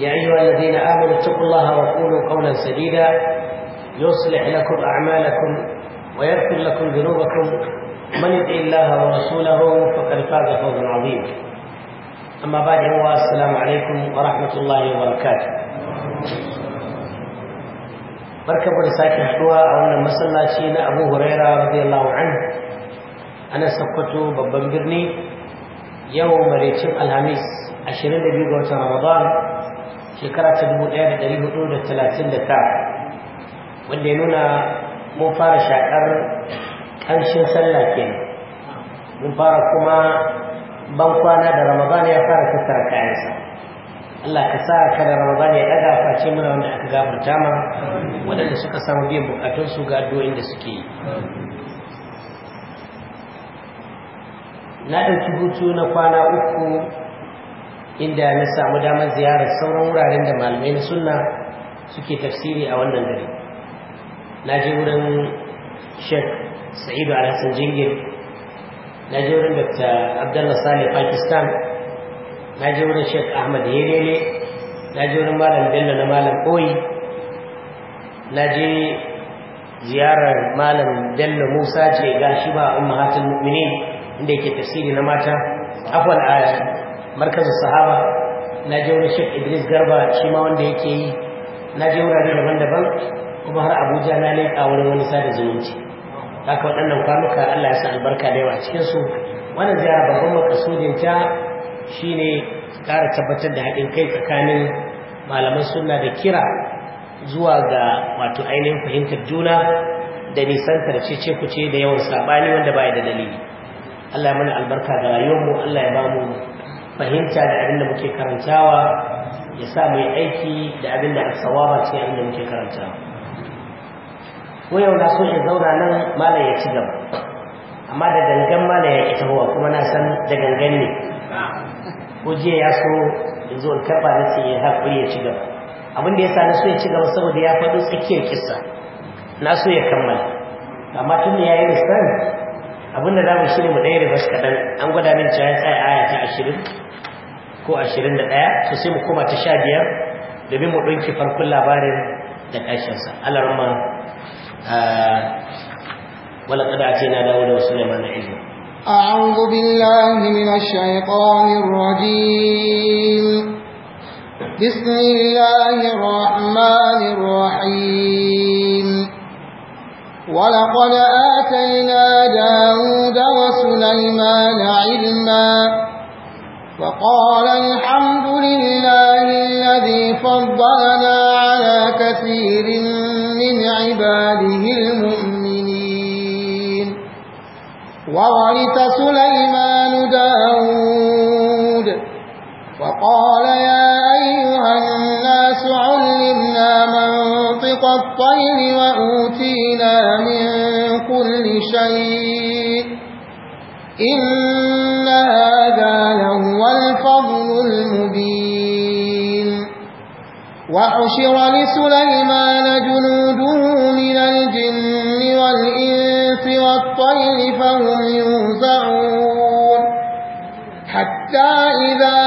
يا أيها الذين آمنوا اتقوا الله وقولوا قولا سديدا يصلح لكم أعمالكم ويغفر لكم ذنوبكم من يطع الله ورسوله فقد فاز فوزا عظيما أما بعد السلام عليكم ورحمة الله وبركاته barkamu da sake أو a wannan أبو هريرة رضي الله عنه anhu ana sakkwato babban يوم yau maraicin 20 22 ga shekara ta dubu ɗaya da ɗari hudu da talatin da ta wanda ya nuna mun fara shaƙar ƙarshen sallah ke mun fara kuma ban kwana da ramadan ya fara tattara kayansa Allah ka sa ka da ramadan ya ɗaga face mana wanda aka gafarta ma waɗanda suka samu biyan su ga addu'o'in da suke yi na ɗauki hutu na kwana uku inda na samu damar ziyarar sauran wuraren da malamai na sunna suke tafsiri a wannan dare. na je wurin shek sa'idu alhassan jingir na je wurin dr abdullah salih pakistan na je wurin shek ahmad yerele na je wurin malam bello na malam koyi na je ziyarar malam bello musa ce ga shi ba hatin mu'minin inda yake tafsiri na mata a markazin sahaba na je shek idris garba shi ma wanda yake yi na je wurare daban-daban kuma har abuja na leƙa wurin wani sada zumunci haka waɗannan kwanuka allah ya sa albarka da yawa cikin su wannan ziyara babban makasudin ta shine ƙara tabbatar da haɗin kai tsakanin malaman sunna da kira zuwa ga wato ainihin fahimtar juna da nisantar cece kuce da yawan saɓani wanda baya da dalili Allah ya mana albarka ga rayuwarmu Allah ya ba mu fahimta da abin da muke karantawa ya sa mai aiki da abin da tsawaba cikin abin da muke karantawa ko yau na so in zauna nan malam ya ci gaba amma da gangan malam ya ita hawa kuma na san da gangan ne ko jiya ya so in zo in na ce ya ya ci gaba abin da ya sa na so ya ci gaba saboda ya faɗi tsakiyar kisa. na so ya kammala amma tun da ya yi abin da zamu shine mu ɗaya ribas kaɗan an gwada min cewa tsaya aya ta ashirin ko ashirin da ɗaya to sai mu koma ta sha biyar domin mu ɗauki farkon labarin da ƙarshensa Allah rama ah, wala kada a ce na dawo da wasu neman na ilmi أعوذ بالله من الشيطان الرجيم بسم الله الرحمن الرحيم ولقد آتينا داود وسليمان علما وقال الحمد لله الذي فضلنا على كثير من عباده المؤمنين وورث سليمان داود وقال يا أيها الناس علمنا منطق الطير شيء إن هذا لهو الفضل المبين وحشر لسليمان جنوده من الجن والإنس والطير فهم يوزعون حتى إذا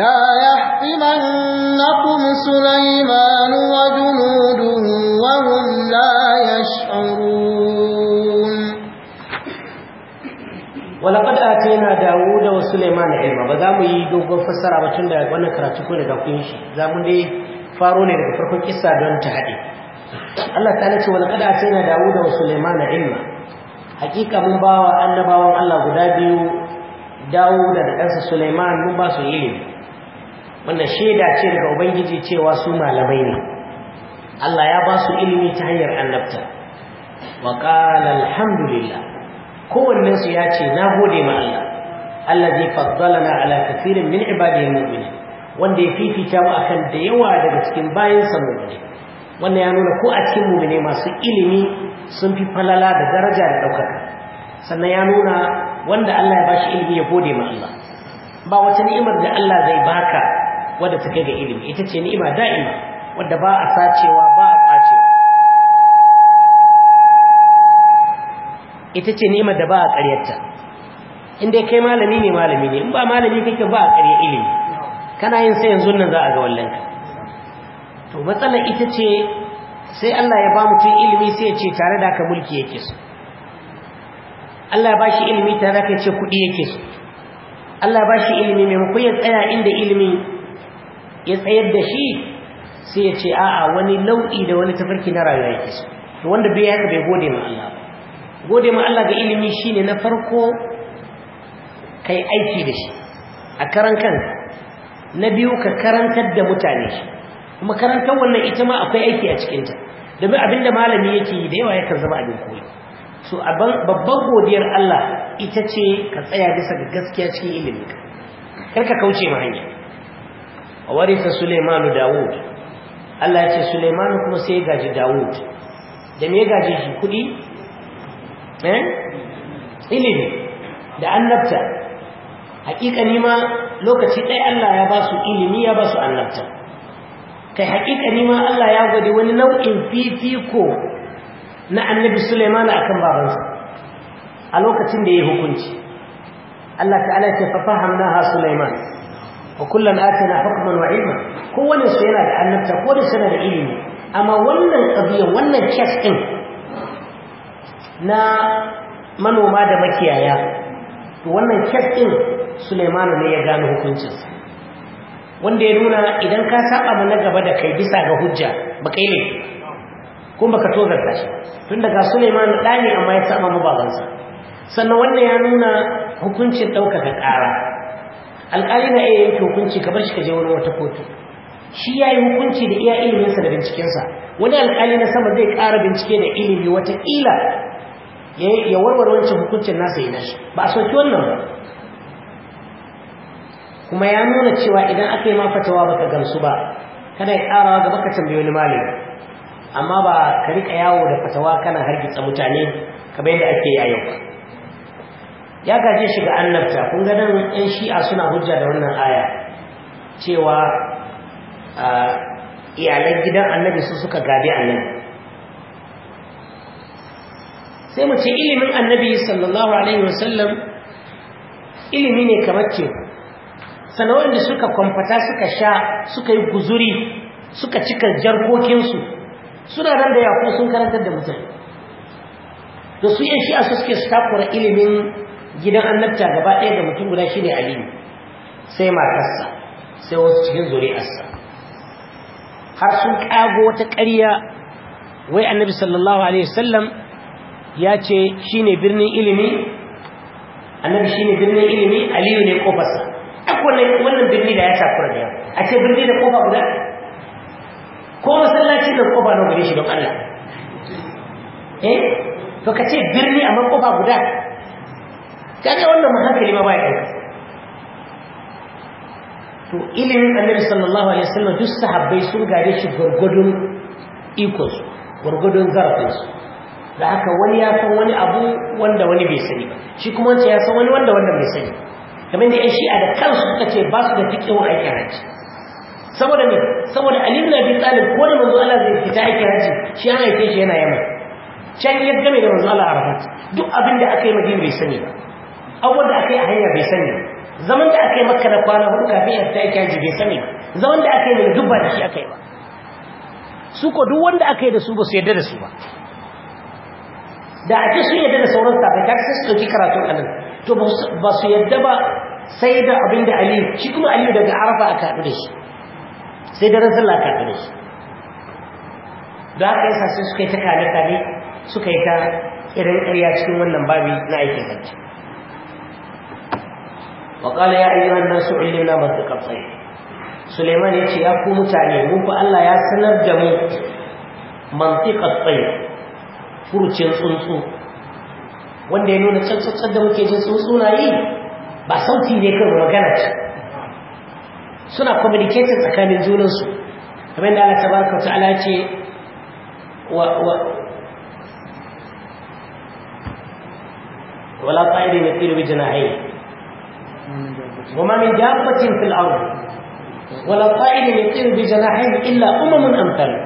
لا يحطمنكم سليمان وجنوده وهم لا يشعرون ولقد آتينا داود وسليمان علما ba za mu yi dogon fassara ba tun da wannan karatu ko daga kun shi za mu dai faro ne daga farkon kisa don ta haɗe Allah ta ce walaqad atayna Dawud wa Sulaiman ilma hakika mun bawa annabawan Allah guda biyu Dawud da ɗansa Sulaiman mun ba su ilimi wannan shaida ce daga ubangiji cewa su malamai ne Allah ya ba su ilimi ta hanyar annabta wa qala alhamdulillah Kowannensu ya ce na gode ma Allah zai allazi na ala kathirin min ibadihi almu'minin wanda ya fifita mu akan da yawa daga cikin bayansa mu'mini wannan ya nuna ko a cikin mu'mini masu ilimi sun fi falala da daraja da ɗaukaka sannan ya nuna wanda Allah ya bashi ilimi ya gode ma Allah ba wata ni'imar da Allah zai baka wadda ta ga ilimi ita ce ni'ima da'ima wadda ba a sacewa ba a kacewa ita ce ni'ima da ba a ƙaryarta inda kai malami ne malami ne in ba malami kake ba a ƙarya ilimi kana yin sai yanzu nan za a ga wallanka to matsalar ita ce sai Allah ya ba mutum ilimi sai ya ce tare da ka mulki yake so Allah ya ba shi ilimi tare da ka ce kuɗi yake so Allah ba shi ilimi maimakon ya tsaya inda ilimi ya tsayar da shi sai ya ce a'a wani nau'i da wani tafarki na rayuwa yake so to wanda bai haka bai gode ma Allah gode ma Allah ga ilimi shine na farko kai aiki da shi a karan kanka na biyu ka karantar da mutane shi kuma karantar wannan ita ma akwai aiki a cikinta domin abinda malami yake yi da yawa yakan zama abin koyi so babban godiyar Allah ita ce ka tsaya bisa ga gaskiya cikin ilimin ka kar ka kauce ma hanya warisa Suleiman Dawud Allah ya ce Suleiman kuma sai gaji Dawud da me ya gaji shi kudi eh ilimi da annabta hakikani ma lokaci ɗaya Allah ya ba su ilimi ya ba su annabta kai hakikani ma Allah ya gode wani nau'in fifiko na annabi Suleiman akan babansa a lokacin da ya hukunci Allah ta'ala ya ce fa ha Suleiman wa kullum atina hukman wa ilma su yana da annabta ko da sana da ilimi amma wannan ƙabiyan wannan kes ɗin na manoma da makiyaya to wannan kes ɗin suleimanu ne ya gano hukuncinsa wanda ya nuna idan ka saba na gaba da kai bisa ga hujja ba kai ne ko baka tozarta shi tun daga suleiman ɗa ne amma ya saba mu babansa sannan wannan ya nuna hukuncin ɗaukaka ƙara alƙali na iya yanke hukunci kamar shi ka je wurin wata kotu shi ya yi hukunci da iya iliminsa da bincikensa wani alƙali na sama zai ƙara bincike da ilimi watakila ya warware wancan hukuncin nasa yi nashi ba a soki wannan ba kuma ya nuna cewa idan aka yi ma fatawa baka gamsu ba kana ya ƙarawa gaba ka tambayi wani malami amma ba ka riƙa yawo da fatawa kana hargitsa mutane kamar yadda ake yi a yau ba ya gaje shi ga annabta kun ga nan ɗan shi'a suna hujja da wannan aya cewa iyalan gidan annabi su suka gabe annabi sai mu ce ilimin annabi sallallahu alaihi wasallam ilimi ne kamar ce sanawar da suka kwamfata suka sha suka yi guzuri suka cika jarkokinsu suna nan da yaku sun karantar da mutane da su yan shi'a su suke su takura ilimin gidan annabta gaba ɗaya ga mutum guda shine aliyu sai matarsa sai wasu cikin zuri'arsa har sun ƙago wata ƙarya wai annabi sallallahu alaihi wasallam ya ce shine birnin ilimi annabi shine birnin ilimi aliyu ne kofarsa akwai wannan birni da ya takura da yawa a ce birni da kofa guda ko masallaci da kofa na gare shi don Allah eh to ka ce birni amma kofa guda kaga wannan ma hankali ma baya aika to ilimin annabi sallallahu alaihi wasallam duk sahabbai sun gare shi gurgudun ikon su gurgudun zarafin su da haka wani ya san wani abu wanda wani bai sani ba shi kuma wancan ya san wani wanda wanda bai sani kamar da yan shi'a da kansu suka ce ba su da fiƙin aikin hajji saboda ne saboda alimin na bin ko da manzo Allah zai fita aikin hajji shi ya haife shi yana yamma can yadda game da manzo Allah a duk abin da aka yi madina bai sani ba abubuwan da aka yi a hanya bai sani zaman da aka yi makka na kwana hudu kafin ya ta yake hanji bai sani zaman da aka yi mai dubba da shi aka yi ba su ko duk wanda aka yi da su ba su yarda da su ba da ake sun yadda da sauran safai ta sai su ɗauki karatun anan to ba su yarda ba sai da abin da aliyu shi kuma aliyu daga arafa a kaɗu da shi sai da rasul a kaɗu da shi da haka sa sai suka yi ta kane-kane suka yi ta irin ƙarya cikin wannan babi na aikin hajji وقال يا أيها الناس علمنا منطق الطير سليمان يتي يا كو متاني مو الله يا سنر mu منطق الطير furucin tsuntsu wanda ya nuna cancancan da muke jin tsuntsu na yi ba sauti ne kan magana ce suna communicating tsakanin junansu kamar da Allah tabaraka ta'ala ce wa wa wala ne yatiru bi janahi وما من دابة في الأرض ولا طائر يطير بجناحيه إلا أمم أمثال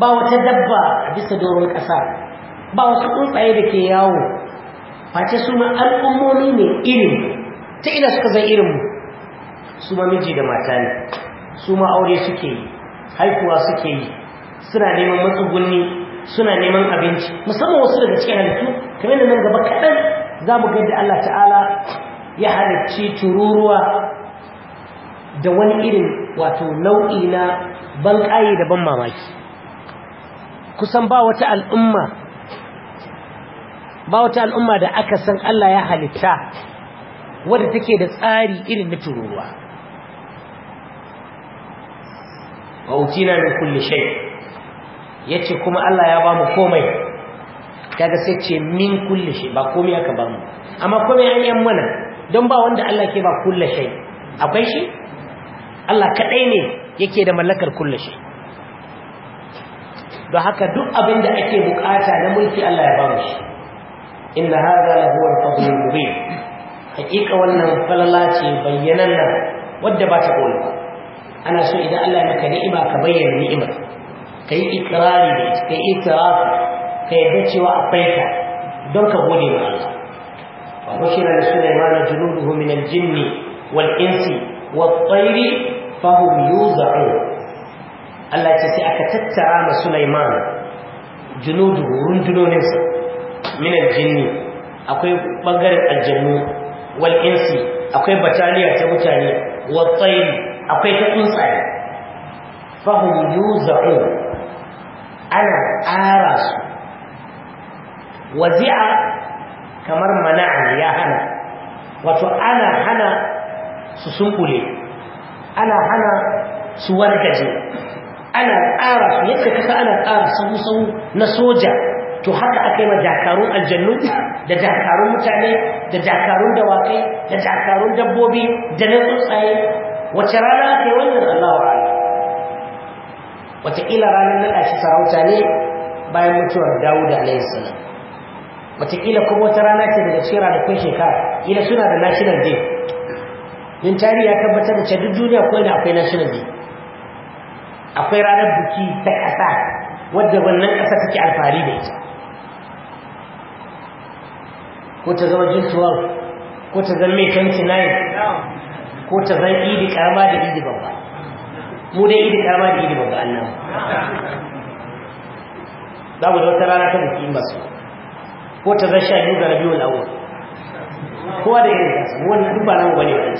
ba wata dabba a bisa doron ƙasa ba wasu tsuntsaye da ke yawo face su ma al'ummomi ne irin ta ina suka zai irin mu su miji da mata ne su aure suke yi haihuwa suke yi suna neman matsugunni suna neman abinci musamman wasu daga cikin halittu kamar da nan gaba kaɗan za mu ga yadda Allah ta'ala ya halarci tururuwa da wani irin wato nau'i na ban ƙayi da ban mamaki kusan ba wata al'umma ba wata al'umma da aka san Allah ya halitta wadda take da tsari irin na tururuwa wa utina min kulli shay yace kuma Allah ya bamu komai kaga sai ce min kulli shay ba komai aka bamu amma komai an yi mana don ba wanda Allah ke ba kulla shai akwai shi Allah kaɗai ne yake da mallakar kulla shai don haka duk abin da ake bukata na mulki Allah ya ba mu shi inna hadha la huwa al-fadlul mubin haƙiƙa wannan falala ce bayyananna wadda ba ta koyi ana so idan Allah ya maka ni'ima ka bayyana ni'imar ka yi ikirari da ka yi itirafi ka cewa akwai ka don ka gode wa Allah وحشر لسليمان جنوده من الجن والإنس والطير فهم يوزعون الله يتسي أكتتعام سليمان جنوده رندنونس من الجن أقول بقر الجن والإنس أقول بتالية تبتالي والطير أقول تقنصي فهم يوزعون أنا آرس وزع kamar mana ya hana wato ana hana su sunkule ana hana su wargaje ana tsara su yadda kasa ana tsara sahu-sahu na soja to haka aka yi ma dakarun aljannu da dakarun mutane da dakarun dawakai da dakarun dabbobi da na tsuntsaye wace rana aka yi wannan Allah wa wataƙila ranar naɗa shi sarauta ne bayan mutuwar dawuda alayhi salam wataƙila ko wata rana ce daga cikin ranakun shekara ila suna da national day din tarihi ya tabbatar da duk duniya ko ina akwai national day akwai ranar buki ta ƙasa wadda wannan ƙasa take alfahari da ita ko ta zama june 12 ko ta zama may 29 ko ta zama idi karama da idi babba mu dai idi karama da idi babba annan babu da wata rana ta buki in ba su ko ta rasha ne ga rabiul awwal kowa da irin nasa wannan duk ba namu bane wannan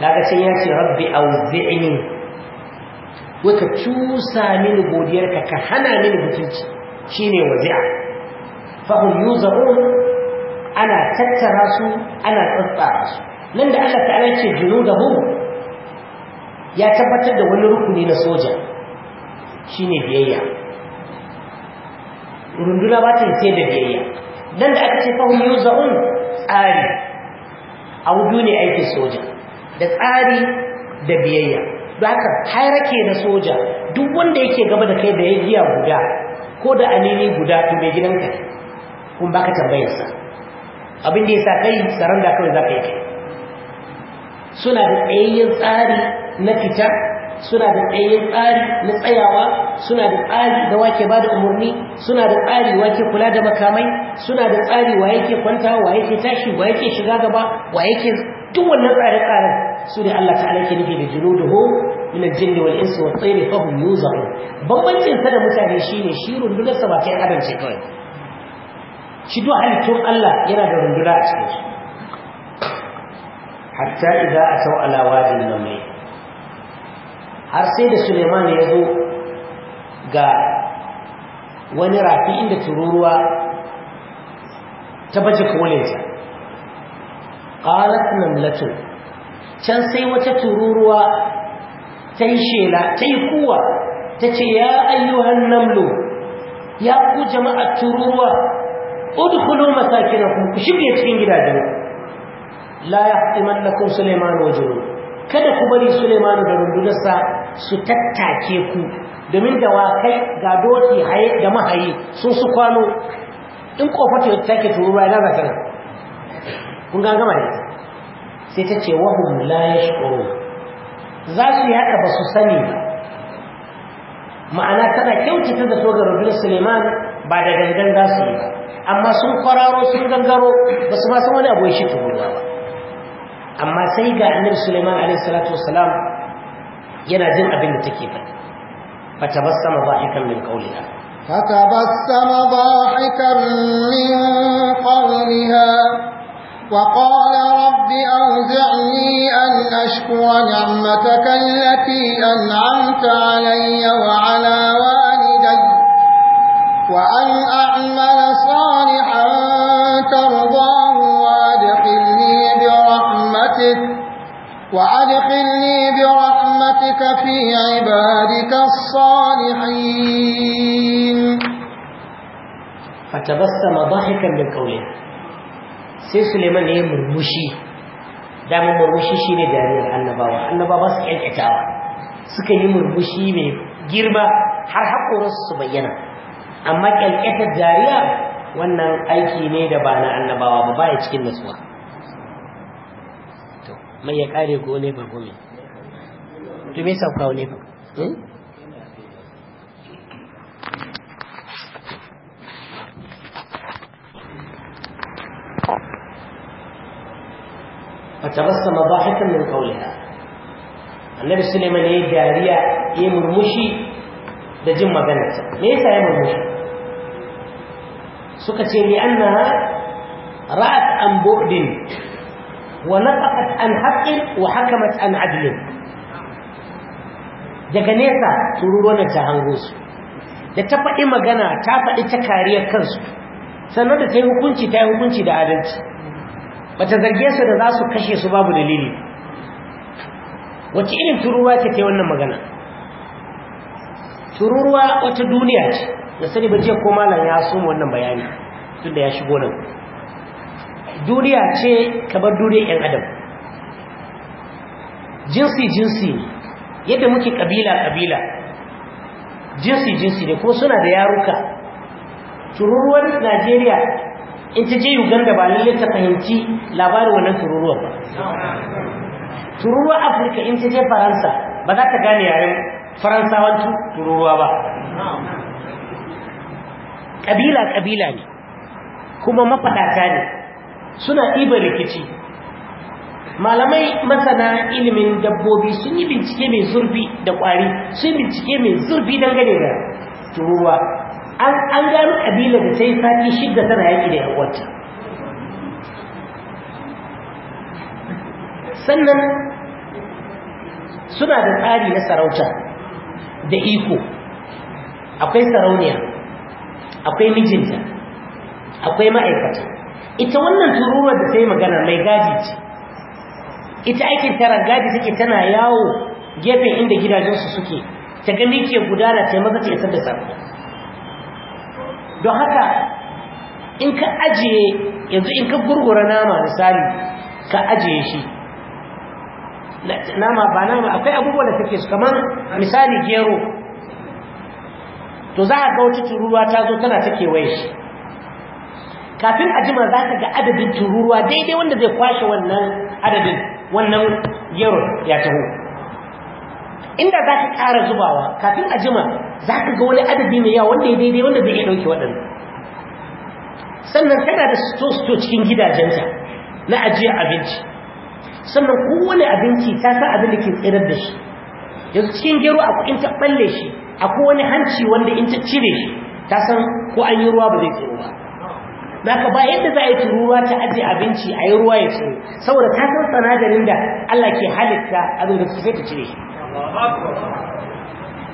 daga sai ya ce rabbi auzi'ni wai ka cusa mini godiyarka ka hana mini mutunci shine wazi'a fa hum yuzaun ana tattara su ana tsatsa su nan da Allah ta'ala ce junudahum ya tabbatar da wani rukuni na soja shine biyayya runduna ba ta sai da biyayya dan da aka ce hum yuza'un tsari a wudu ne aikin soja da tsari da biyayya don haka harake na soja duk wanda yake gaba da kai da ya giya guda ko da anini guda to mai gidanka kuma baka tambayarsa abin da ya sa kai tsaron da kawai za ka yi kai suna da tsayayyen tsari na fita suna da tsayayyen tsari na tsayawa suna da tsari da wake ba da umarni suna da tsari wake kula da makamai suna da tsari wa yake kwanta wa yake tashi wa yake shiga gaba wa yake duk wannan tsare-tsaren su ne Allah ta'ala ke nufi da junuduhu min al-jinn wal insi wat tayr fa hum yuzaru bambancin sa da mutane shine shi rundunar sa ba kai adam ce kawai shi duk halittun Allah yana da runduna a cikin shi hatta idza ataw ala wadin namai har sai da suleiman ya zo ga wani rafi inda tururuwa ta baje kolinsa ƙalat namlatu can sai wata tururuwa ta yi shela ta yi kuwa ta ce ya ayyuhan namlo ya ku jama'ar tururuwa udkhulu masakinakum ku shige cikin gidajen la yahtimannakum suleiman wa junud kada ku bari Suleimanu da rundunarsa su tattake ku domin da wakai ga doki haye da mahayi sun su kwano in kofar ta take turuwa ina za ta kun ga gama ne sai ta ce hum la yashkuru za su yi haka ba su sani ba ma'ana tana kyautata da so ga rubin Suleiman ba da dangan za su amma sun kwararo sun gangaro ba su ma san wani abu ya shi turuwa ba أما سيقى النبي سليمان عليه الصلاة والسلام ينادين أبن التكيفة فتبسم ضاحكا من قولها فتبسم ضاحكا من قولها وقال رب أوزعني أن أشكر نعمتك التي أنعمت علي وعلى والدي وأن أعمل صالحا ترضى طاعتك وأدخلني برحمتك في عبادك الصالحين فتبسم ضاحكا من قوله sai Suleiman ya murmushi damin murmushi shine dariyar annabawa annabawa su kyankyawa suka yi murmushi mai girma har haƙorinsu su bayyana amma kyankyatar dariya wannan aiki ne da ba na annabawa ba baya cikin nasuwa mai ya kare ko ne fa gome to me sauka ne fa فتبسم ضاحكا من قولها النبي سليمان yayi dariya yayi murmushi da jin ta. me yasa ya murmushi suka ce li annaha ra'at an bu'din ونطقت عن حق وحكمت عن عدل daga nesa tururuwan ta hango su da ta faɗi magana ta faɗi ta kariyar kansu sannan da ta yi hukunci ta yi hukunci da adalci bata zarge su da za su kashe su babu dalili wace irin tururuwa ce ta yi wannan magana tururuwa wata duniya ce da sani ba jiya ko malam ya so wannan bayani tun da ya shigo nan duniya ce kamar duniyar yan adam jinsi jinsi yadda muke kabila kabila jinsi jinsi ne kuma suna da yaruka tururuwar Najeriya in ta je Uganda ba lalle ta fahimci labarin wannan tururuwar ba tururuwar Afirka in ta je Faransa ba za ta gane yaren Faransawan tururuwa ba ƙabila-ƙabila ne kuma mafaɗata ne suna ɗiba rikici malamai masana ilimin dabbobi sun yi bincike mai zurfi da ƙwari sun bincike mai zurfi gane da turuwa an gano ƙabilar da sai yi sati shidda tana yaƙi da yawarta sannan suna da tsari na sarauta da iko akwai sarauniya akwai mijinta akwai ma'aikata ita wannan tururuwar da ta yi magana mai gadi ce ita aikin tarar gadi take tana yawo gefen inda gidajensu suke ta gani ke gudana ta yi maza ta isar da sako don haka in ka ajiye yanzu in ka gurgura nama misali ka ajiye shi nama ba nama akwai abubuwa da take su kamar misali gero to za a ga wata tururuwa ta zo tana ta kewaye shi kafin a jima za ka ga adadin tururuwa daidai wanda zai kwashe wannan adadin wannan yaron ya taho inda za ka ƙara zubawa kafin a jima za ka ga wani adadi mai yawa wanda ya daidai wanda zai iya ɗauke waɗanda sannan tana da sito-sito cikin gidajenta na ajiyar abinci sannan kowane abinci ta sa abin da ke tsirar da shi yanzu cikin gero a in ta ɓalle shi a wani hanci wanda in ta cire shi ta san ko an yi ruwa ba zai tsiro ba Daka ba yadda za a yi turuwa ta ajiye abinci a yi ruwa ya ce saboda ta san sanadarin da Allah ke halitta abin da su sai ta cire shi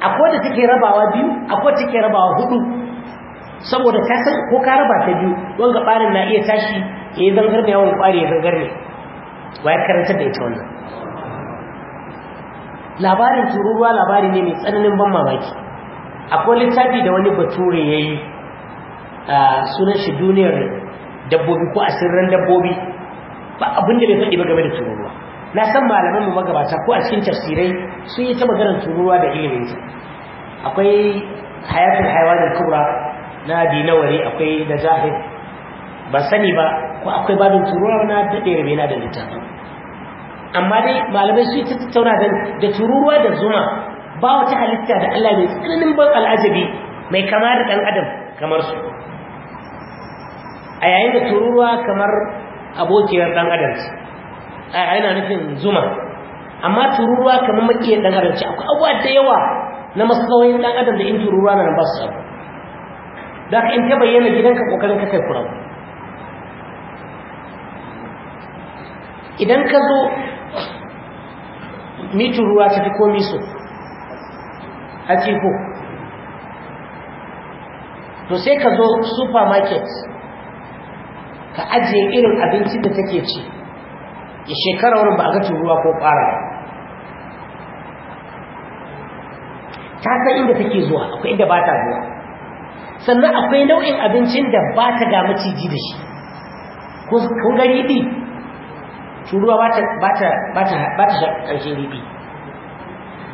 akwai da take rabawa biyu akwai take rabawa hudu saboda ta san ko ka raba ta biyu wanga barin na iya tashi ya yi zangar mai yawan kwari ya zangar ne wa ya karanta da ita wannan labarin tururuwa labari ne mai tsananin ban mamaki akwai littafi da wani bature ya yi sunan shi duniyar dabbobi ko asirran dabbobi ba abin da bai faɗi ba game da tururuwa na san malaman mu magabata ko a cikin tafsirai sun yi ta maganar tururuwa da ilimin ta akwai hayatul hayawanin kubra na dinawari akwai da zahir ba sani ba ko akwai babin tururuwa na daɗe rabe na da littafin amma dai malamai su yi ta tattauna da tururuwa da zuma ba wata halitta da Allah mai tsananin ban al'ajabi mai kama da ɗan adam kamar su a yayin da tururuwa kamar abokiyar ɗan adam ce a yana nufin zuma amma tururuwa kamar makiyar ɗan adam ce akwai abuwa da yawa na tsawon ɗan adam da in tururuwa na ba su abu da ka in ta bayyana gidanka ƙoƙarin ka kai kurabu idan ka zo mi tururuwa ta fi komi so a ciko to sai ka zo supermarket ka ajiye irin abincin da take ci ya shekara wurin ba a ga ruwa ko ƙwara ta san inda take zuwa akwai inda ba ta zuwa sannan akwai nau'in abincin da ba ta ga maciji da shi ko ga riɗi turuwa ba ta ƙarshe riɗi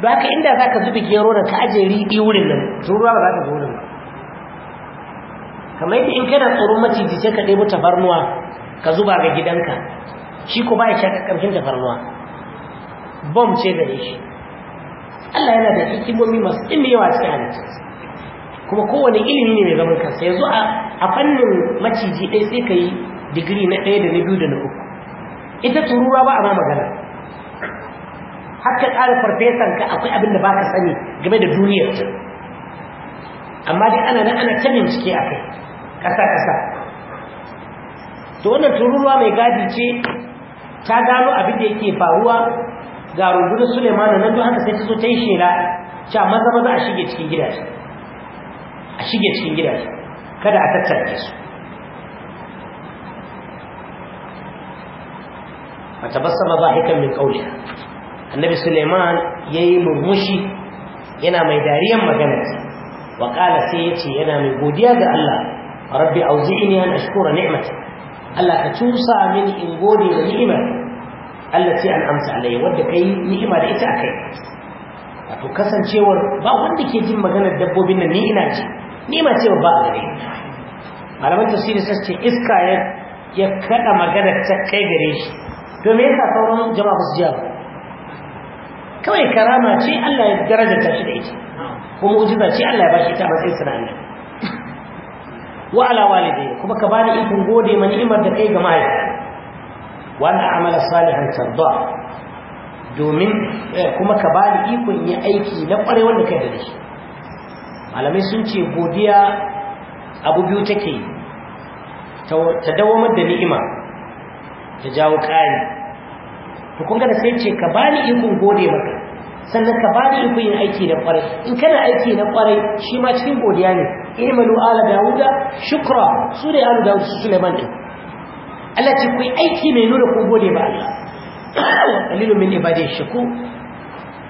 ba ka inda za ka zubi gero da ka ajiye riɗi wurin nan turuwa ba za ta zo wurin ba kamar yadda in kana tsoron maciji sai ka ɗebo tafarnuwa ka zuba ga gidanka shi ko baya shaka ƙarfin tafarnuwa bom ce gare shi Allah yana da hikimomi masu ɗin yawa cikin halittarsa kuma kowane ilimi ne mai zaman kansa yanzu a fannin maciji ɗaya sai ka yi digiri na ɗaya da na biyu da na uku ita turuwa ba a ma magana haka ƙara farfesan ka akwai abin da ba ka sani game da duniyar ta amma dai ana nan ana ta bincike a kai ƙasa-ƙasa to wannan tururuwa mai gadi ce ta gano abin da yake faruwa ga rubutun sulemanu nan don haka sai ta so ta yi shela cewa maza maza a shige cikin gidaje a shige cikin gidaje kada a tattake su ba haikan min qawliha annabi suleiman yayi murmushi yana mai dariyan magana wa qala sai yace yana mai godiya ga Allah rabbi auzi'ni an ashkura ni'matak Allah ka tusa min in gode da ni'imar Allah ce an amsa alayya wadda kai ni'ima da ita akai to kasancewar ba wanda ke jin maganar dabbobin nan ni ina ji ni'ima ce ba a gare malaman tafsiri sai ce iska ya ya kada maganar ta kai gare shi to me yasa sauran jama'a ba su ji ba kawai karama ce Allah ya daraja ta shi da ita kuma mu'jiza ce Allah ya bashi ta matsayin sana'an wa ala walidayya kuma ka bani ikon gode ma ni'imar da kai ga mai wa an a'mala salihan tarda domin eh, kuma ka bani ikon yi aiki na kware wanda kai da shi malamai sun ce godiya abu biyu take ta dawamar da ni'ima ta jawo ƙari to kun gada sai ce ka bani ikon gode maka sannan ka bani ikon yin aiki na kware in kana aiki na kware shi ma cikin godiya ne imalu ala dawuda shukra su ne ala dawuda su suleiman ne Allah ce ku aiki mai nuna ku gode ba Allah kalilu min ibadin shuku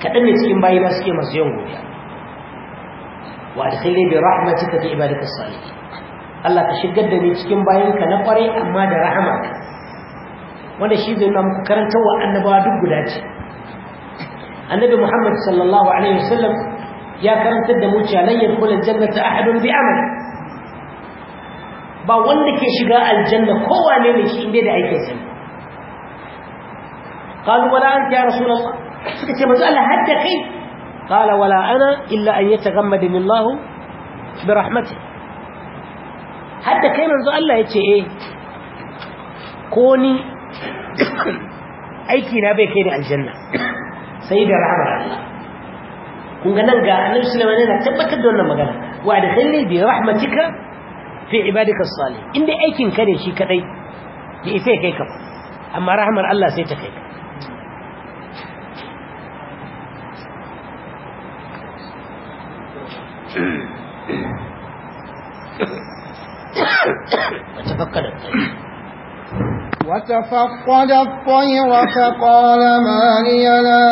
kadan ne cikin bayi bayina suke masu yawan godiya wa alkhairi bi rahmatika fi ibadika salihin Allah ka shigar da ni cikin bayanka na kwarai amma da rahama wanda shi zai nuna muku karantar wa annabawa duk guda ce annabi Muhammad sallallahu alaihi wasallam ya karantar da mu cewa lan yadkhul aljannata ahadun bi amal ba wanda ke shiga aljanna kowane ne shi inda da aikin sa qalu wala anta ya rasulullah suka ce manzo Allah hadda kai qala wala ana illa an yataghammadani Allah bi rahmati hadda kai manzo Allah yace eh ko ni aiki na bai kai ni aljanna sai da rahmar kun ga nan ga annabi Sulaiman yana tabbatar da wannan magana wa adkhilni bi rahmatika fi ibadika salih inda aikin ka ne shi kadai ya isa kai ka amma rahmar Allah sai ta kai ka وتفكر الطيب وتفقد الطير فقال ما لي لا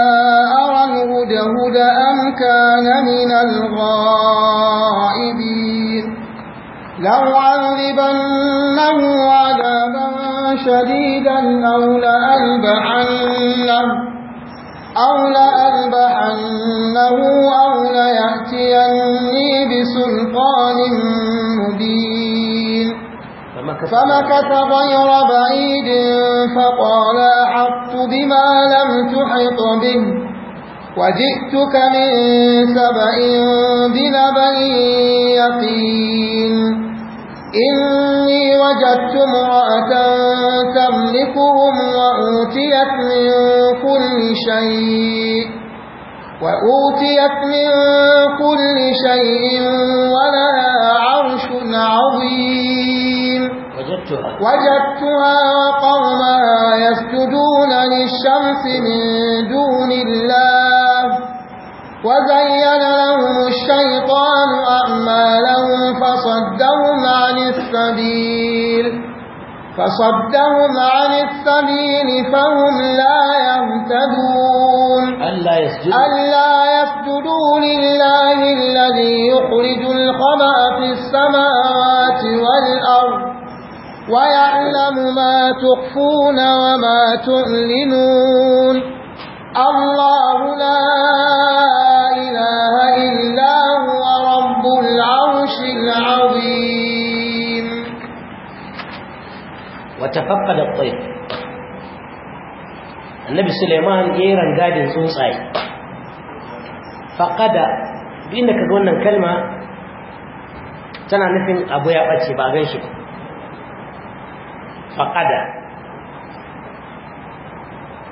أرى الهدهد أم كان من الغائبين لأعذبنه عذابا شديدا أو لألبعنه أو لألبعنه أو ليأتيني بسلطان مبين فمكث غير بعيد فقال أحط بما لم تحط به وجئتك من سبأ بنبأ يقين إني وجدت امرأة تملكهم وأوتيت من كل شيء وأوتيت من كل شيء ولها عرش عظيم وجدتها وجدتها يسجدون للشمس من دون الله وزين لهم الشيطان أعمالهم فصدهم عن السبيل فصدهم عن السبيل فهم لا يهتدون ألا يسجدوا ألا يسجدوا لله الذي يخرج الخبأ في السماوات والأرض ويعلم ما تخفون وما تعلنون الله لا إله إلا هو رب العرش العظيم وتفقد الطير النبي سليمان يرن قادن تنصعي فقد بإنك قلنا الكلمة تنا نفهم أبويا أتي بأغنشك faqada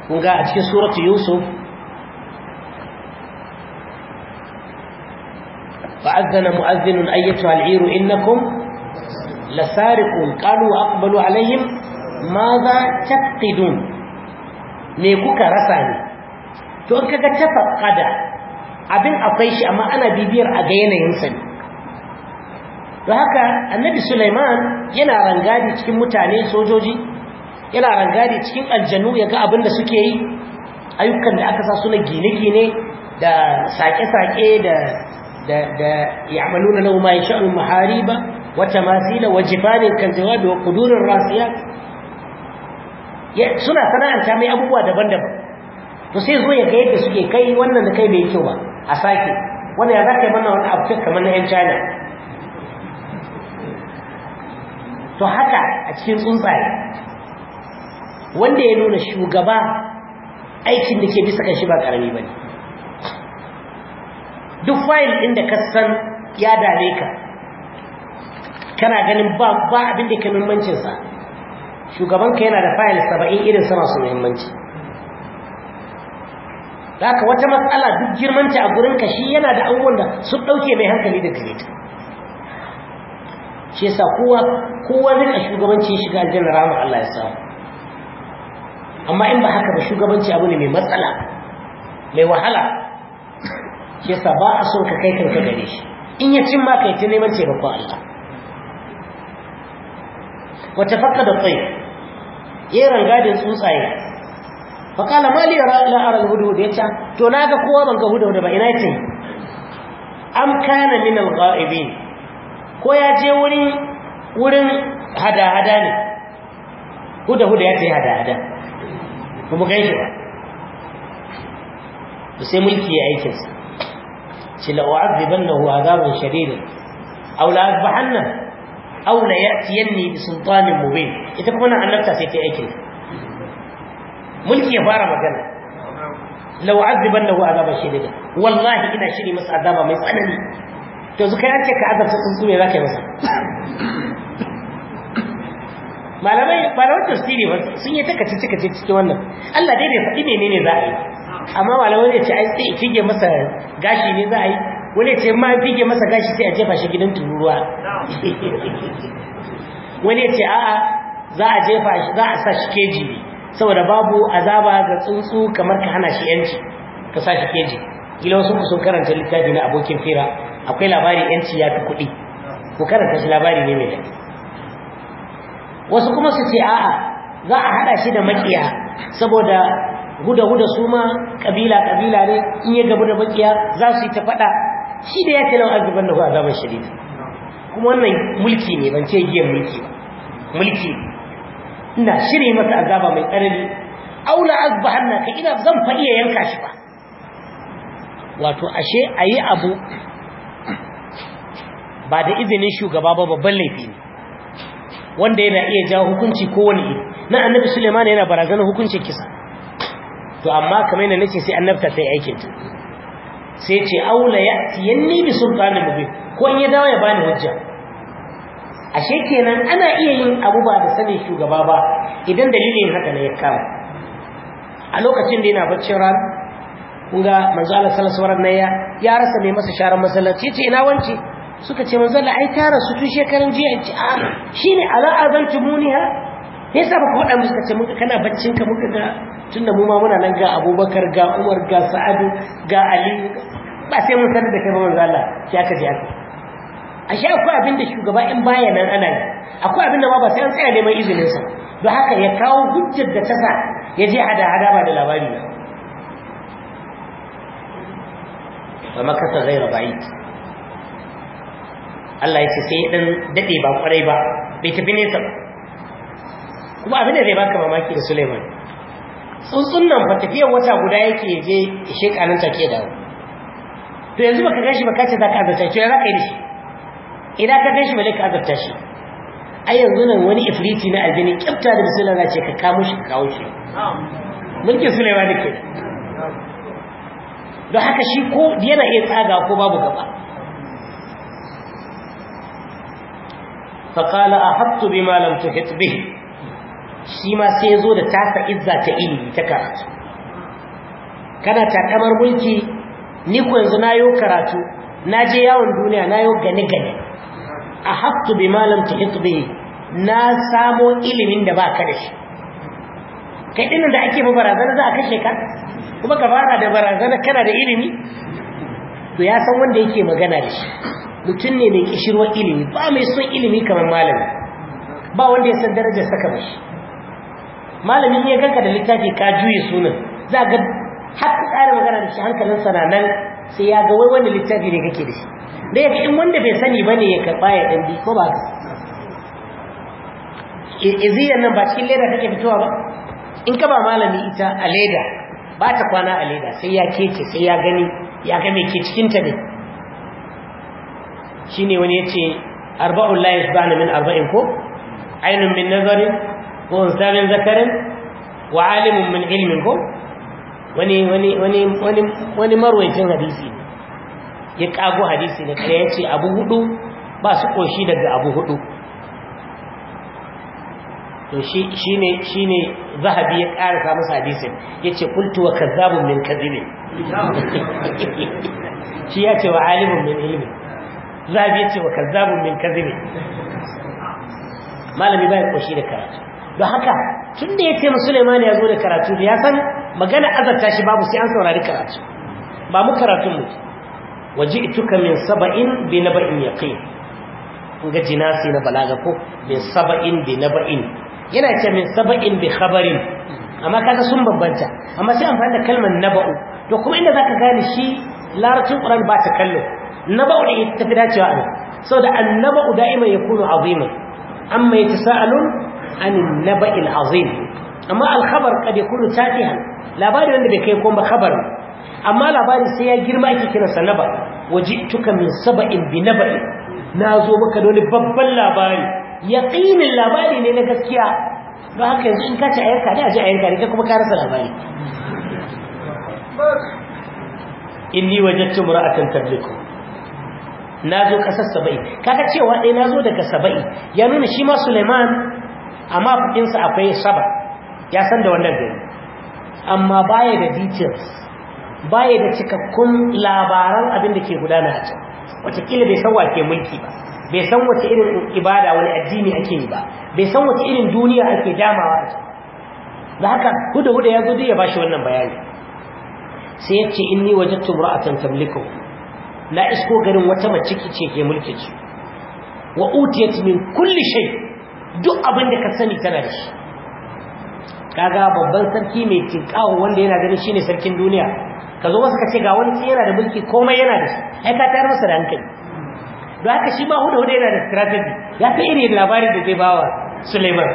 kun a cikin suratu yusuf fa'azzana mu'azzinun ayyatu al'iru innakum lasariqun qalu aqbalu alaihim madha taqidun me kuka rasa ne to in kaga tafaqada abin akwai shi amma ana bibiyar a ga yanayin sa to haka annabi Suleiman yana rangadi cikin mutane sojoji yana rangadi cikin aljanu ya ga abin da suke yi ayyukan da aka sa su na gine-gine da sake-sake da da da ya'maluna lahu ma yasha'u mahariba wa tamasila wa jifanin kan jawab wa kudurin suna sana'anta mai abubuwa daban-daban to sai zo ya ga yadda suke kai wannan da kai bai kyau ba a sake wannan ya zaka yi mana wani abu kamar na yan China to haka a cikin tsuntsaye wanda ya nuna shugaba aikin da ke bisa kan shi ba karami bane duk fayil ɗin da ka san ya dame ka kana ganin ba abin da ke muhimmancin shugabanka yana da fayil saba'in irin sama su muhimmanci aka wata matsala duk girmanci a gurinka shi yana da abubuwan da sun dauke mai hankali da gare ta shi yasa kowa kowa rika shugabanci shiga aljanna rahama Allah ya samu amma in ba haka ba shugabanci abu ne mai matsala mai wahala shi yasa ba a son ka kai kanka gare shi in ya cin ma kai ta neman ko Allah wata fakka da tsaye ya rangadin tsuntsaye fakala mali la ara al da yace to naga kowa ban ga hudud ba ina ce am kana min al-ghaibin ko ya je wurin wurin hada-hada ne huda-huda ya ce hada-hada kuma gan shi ba sai mulki ya aikin aikinsa ce la'u'azibannahu azaban shadidin aw la'azbahanna aw la ya'tiyanni bi sultanin mubin ita kuma na annabta sai ta aikin mulki ya fara magana na la'u'azibannahu azaban shadidin wallahi ina shiri masa azaba mai tsanani to zuka yace ka azabta tsuntsu za zaka yi masa malamai malamai tafsiri ba sun yi taka cici kace cikin wannan Allah dai bai faɗi menene za a yi amma malamai ne ce ai sai fige masa gashi ne za a yi wani ce ma fige masa gashi sai a jefa shi gidan tururuwa wani ce a'a za a jefa shi za a sa shi keji ne saboda babu azaba ga tsuntsu kamar ka hana shi yanci ka sa shi keji gila wasu sun karanta littafi na abokin fira akwai labari yanci ya fi kuɗi ko karanta shi labari ne mai daɗi wasu kuma su ce a'a za a haɗa shi da makiya saboda huda-huda su ma ƙabila-ƙabila ne in ya gabu da makiya za su yi ta faɗa shi da ya ce lau azuban da kuwa azaban shari'a kuma wannan mulki ne ban ce giyan mulki ba mulki na shirin masa azaba mai tsanani aula azbahanna ka ina zan faɗi ya yanka shi ba wato ashe a yi abu ba da izinin shugaba ba babban laifi ne wanda yana iya jawo hukunci kowane iri na annabi suleiman yana barazanar hukuncin kisa to amma kamar na nace sai annabta ta yi aikinta sai ce aula ya tiyanni bi sultanin mubin ko in ya dawo ya bani hujja ashe kenan ana iya yin abu ba da sanin shugaba ba idan dalilin haka ne ya kama a lokacin da yana baccin ran kun ga manzo Allah sallallahu alaihi wasallam ya rasa mai masa sharan masallaci ce ina wance suka ce manzo ai tara su tun shekaran jiya ce a shine ala azantu muniha me sa ba ku musu kace muka kana baccin ka muka ga tunda mu ma muna nan ga Abubakar ga Umar ga Sa'ad ga Ali ba sai mun sanar da kai manzo Allah sai aka ji aka ashe akwai abin da shugaba in baya ana yi akwai abin da ma ba sai an tsaya neman izinin sa don haka ya kawo hujjar da ta sa ya je hada-hada ba da labari ba fa makasa ghaira ba'id Allah ya ce sai ya dan dade ba kwarai ba bai tafi nesa ba kuma abin da zai baka mamaki da Suleiman tsuntsun nan fa tafiyar wata guda yake je shi kanin take dawo to yanzu baka gashi baka ce zaka azabta shi ya zaka yi da shi idan ka gashi ba zai ka azabta shi ai yanzu nan wani ifriti na aljini kyafta da Suleiman ce ka kamo shi ka kawo shi mulkin Suleiman ne ke don haka shi ko yana iya tsaga ko babu gaba faƙala a hattu bi malam tu hitbe shi ma sai ya zo da tasa izza ta ilimi ta karatu kana takamar mulki ni ko yanzu na yi karatu na je yawon duniya na yi gane-gane a hattu bi malam ta hitbe na samo ilimin da ba ka da shi kai ɗinin da ake barazana za a kashe ka kuma ka fara da barazana kana da ilimi to ya san wanda yake magana da shi mutum ne mai kishirwar ilimi ba mai son ilimi kamar malami ba wanda ya san darajar saka mashi malamin ya ganka da littafi ka juye sunan za ga har ka tsara magana da shi hankalin sananan sai ya ga wai wanda littafi ne kake da shi da ya in wanda bai sani ba ne ya karɓa ya ɗan ko ba ka iziyar e, nan ba cikin leda kake fitowa ba in ka ba malami ita a leda ba ta kwana a leda sai ya kece sai ya gani ya ga mai ke cikinta ne shine wani yace arba'ul la yasba'na min arba'in ko ainun min nazarin ko samun zakarin wa alimun min ilmin ko wani wani wani wani wani marwayacin hadisi ya kago hadisi ne kare yace abu hudu ba su koshi daga abu hudu to shi shine shine zahabi ya karasa masa hadisin yace qultu wa kazzabun min ne. shi yace wa alimun min ilmin zabi yace wa kazzabun min kadhibi malami bai koshi da karatu don haka tunda yace musulman ya zo da karatu ya san magana azarta shi babu sai an saurari karatu ba mu karatun mu waji'tuka min saba'in bi naba'in yaqin ga jinasi na balaga ko min saba'in bi naba'in yana ce min saba'in bi khabarin amma kaga sun bambanta amma sai amfani da kalmar naba'u to kuma inda zaka gane shi larabcin Qur'an ba ta kallo naba'u da ita tafi dacewa an saboda annaba'u da'ima yakunu azima amma yatasaalun anin naba'il azim amma al-khabar kad yakunu tatihan labari wanda bai kai kuma khabar amma labari sai ya girma ake kira sa naba wajituka min saba'in bi naba'in nazo maka da wani babban labari yaqinin labari ne na gaskiya don haka yanzu in ka ci ayyuka ne a ji ayyuka ne kuma ka rasa labari inni wajadtu mar'atan tabliku na zo ƙasar saba'i kaga cewa ɗaya na zo daga saba'i ya nuna shi ma suleiman a mafikinsa akwai saba ya san da wannan gari amma baya da details baya da cikakkun labaran abin da ke gudana a can wataƙila bai san wake mulki ba bai san wace irin ibada wani addini ake yi ba bai san wace irin duniya ake damawa a can da haka huda huda ya zo duk ya shi wannan bayani sai ya ce inni wajattu a tamlikum na isko garin wata mace ce ke mulkin su wa utiyat min kulli shay duk abin da ka sani tana da shi kaga babban sarki mai kinkawo wanda yana ganin shine sarkin duniya ka zo masa kace ga wani yana da mulki komai yana da shi ai ka tayar masa da hankali don haka shi ma hudu hudu yana da strategy ya ta irin labarin da zai bawa Suleiman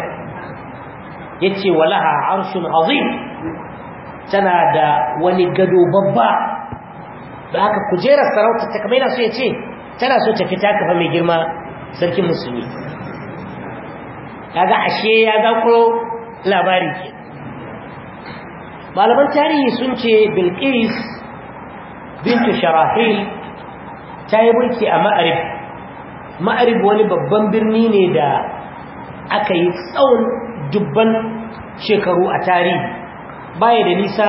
yace walaha arshun azim tana da wani gado babba da aka kujerar sarauta ta kamar yana ya ce tana so ta fita kafa mai girma sarkin musulmi ga ashe ya zakuro labari ke malaman tarihi sun ce Bilkis bintu sharahil ta yi mulki a ma'arib ma'arib wani babban birni ne da aka yi tsawon dubban shekaru a tarihi baya da nisa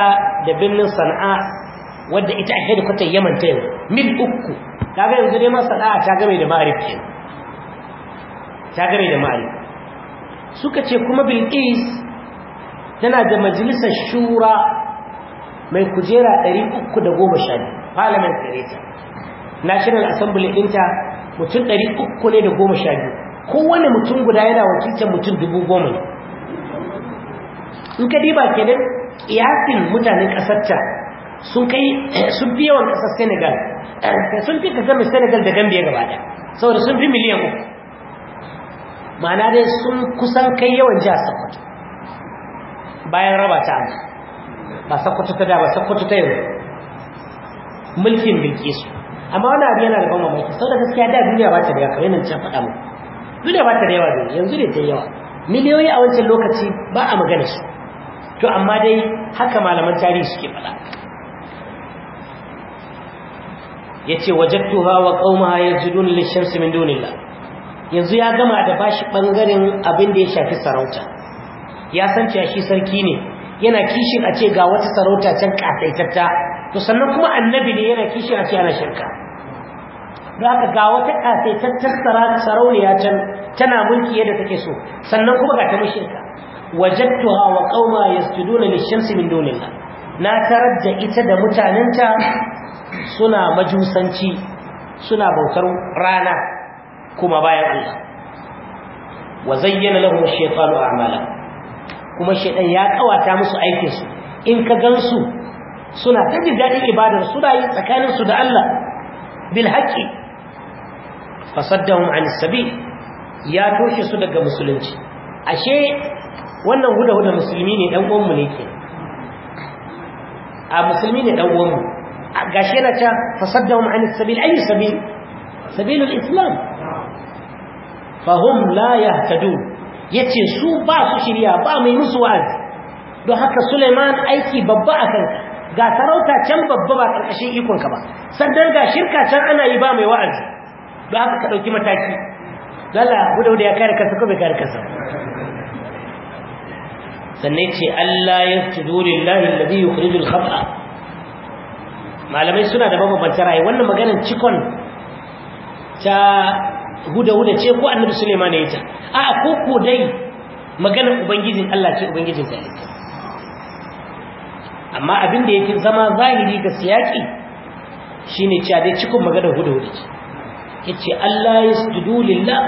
da birnin sana'a wadda ita da kwatar yaman ta yau mil uku ga yanzu dai masu da'a ta game da ma'arif ke ta game da ma'arif suka ce kuma bilkis tana da majalisar shura mai kujera 310 parliament ɗareta national assembly dinta mutum 300 ne da 12 kowane mutum guda yana wakiltar mutum 10,000 in ka diba kenan iyafin mutanen ta. sun kai eh, sun fi yawan ƙasar senegal eh, sun fi ƙasar mai senegal da gambia gaba da saboda sun fi miliyan uku ma'ana dai sun kusan kai yawan jihar sokoto bayan raba ta amma ba sokoto ta da ba sokoto ta yau mulkin mulki su amma wani abu yana da ban mamaki saboda gaskiya da duniya ba ta da yawa kamar yadda can faɗa muku duniya ba ta da yawa yanzu ne ta yawa miliyoyi a wancan lokaci ba a magana su to amma dai haka malaman tarihi suke faɗa yace wajadtuha wa qaumaha yajidun lishamsi min dunillah yanzu ya gama da bashi bangaren abin da ya shafi sarauta ya san cewa shi sarki ne yana kishin a ce ga wata sarauta can kasaitatta to sannan kuma annabi ne yana kishin a ce ana shirka don haka ga wata kasaitattar sarauniya can tana mulki yadda take so sannan kuma ga ta mushrika wajadtuha wa qaumaha yasjuduna lishamsi min dunillah na tarar da ita da mutanenta suna majusanci suna bautar rana kuma bayan Allah wa zayyana lahum ash-shaytanu a'mala kuma shaytan ya kawata musu aikin su in ka gansu suna ta jin dadin ibadar suna yi tsakanin su da Allah bil haqqi fasaddahum an sabil ya toshe su daga musulunci ashe wannan huda huda musulmi ne dan uwanmu ne ke a musulmi ne dan uwanmu gashi yana ta fasaddahum an sabil ayi sabil sabilul islam fahum la yahtadun yace su ba su shirya ba mai musu wa'azi don haka Suleiman aiki babba a kanka ga sarauta can babba ba karkashin ikonka ba sannan ga shirka can ana yi ba mai wa'azi don haka ka dauki mataki lalla guda guda ya kare kansa ko bai kare kansa sannan ce Allah ya tudu lillahi alladhi yukhrijul khata malamai suna da mabambantar ra'ayi wannan maganar cikon ta huda-huda ce ko annabi suleiman ya ta a ko ko dai maganar ubangijin Allah ce ubangijin ta amma abin da yake zama zahiri ga siyaki shine cewa dai cikon maganar huda-huda ce yace Allah yasjudu lillah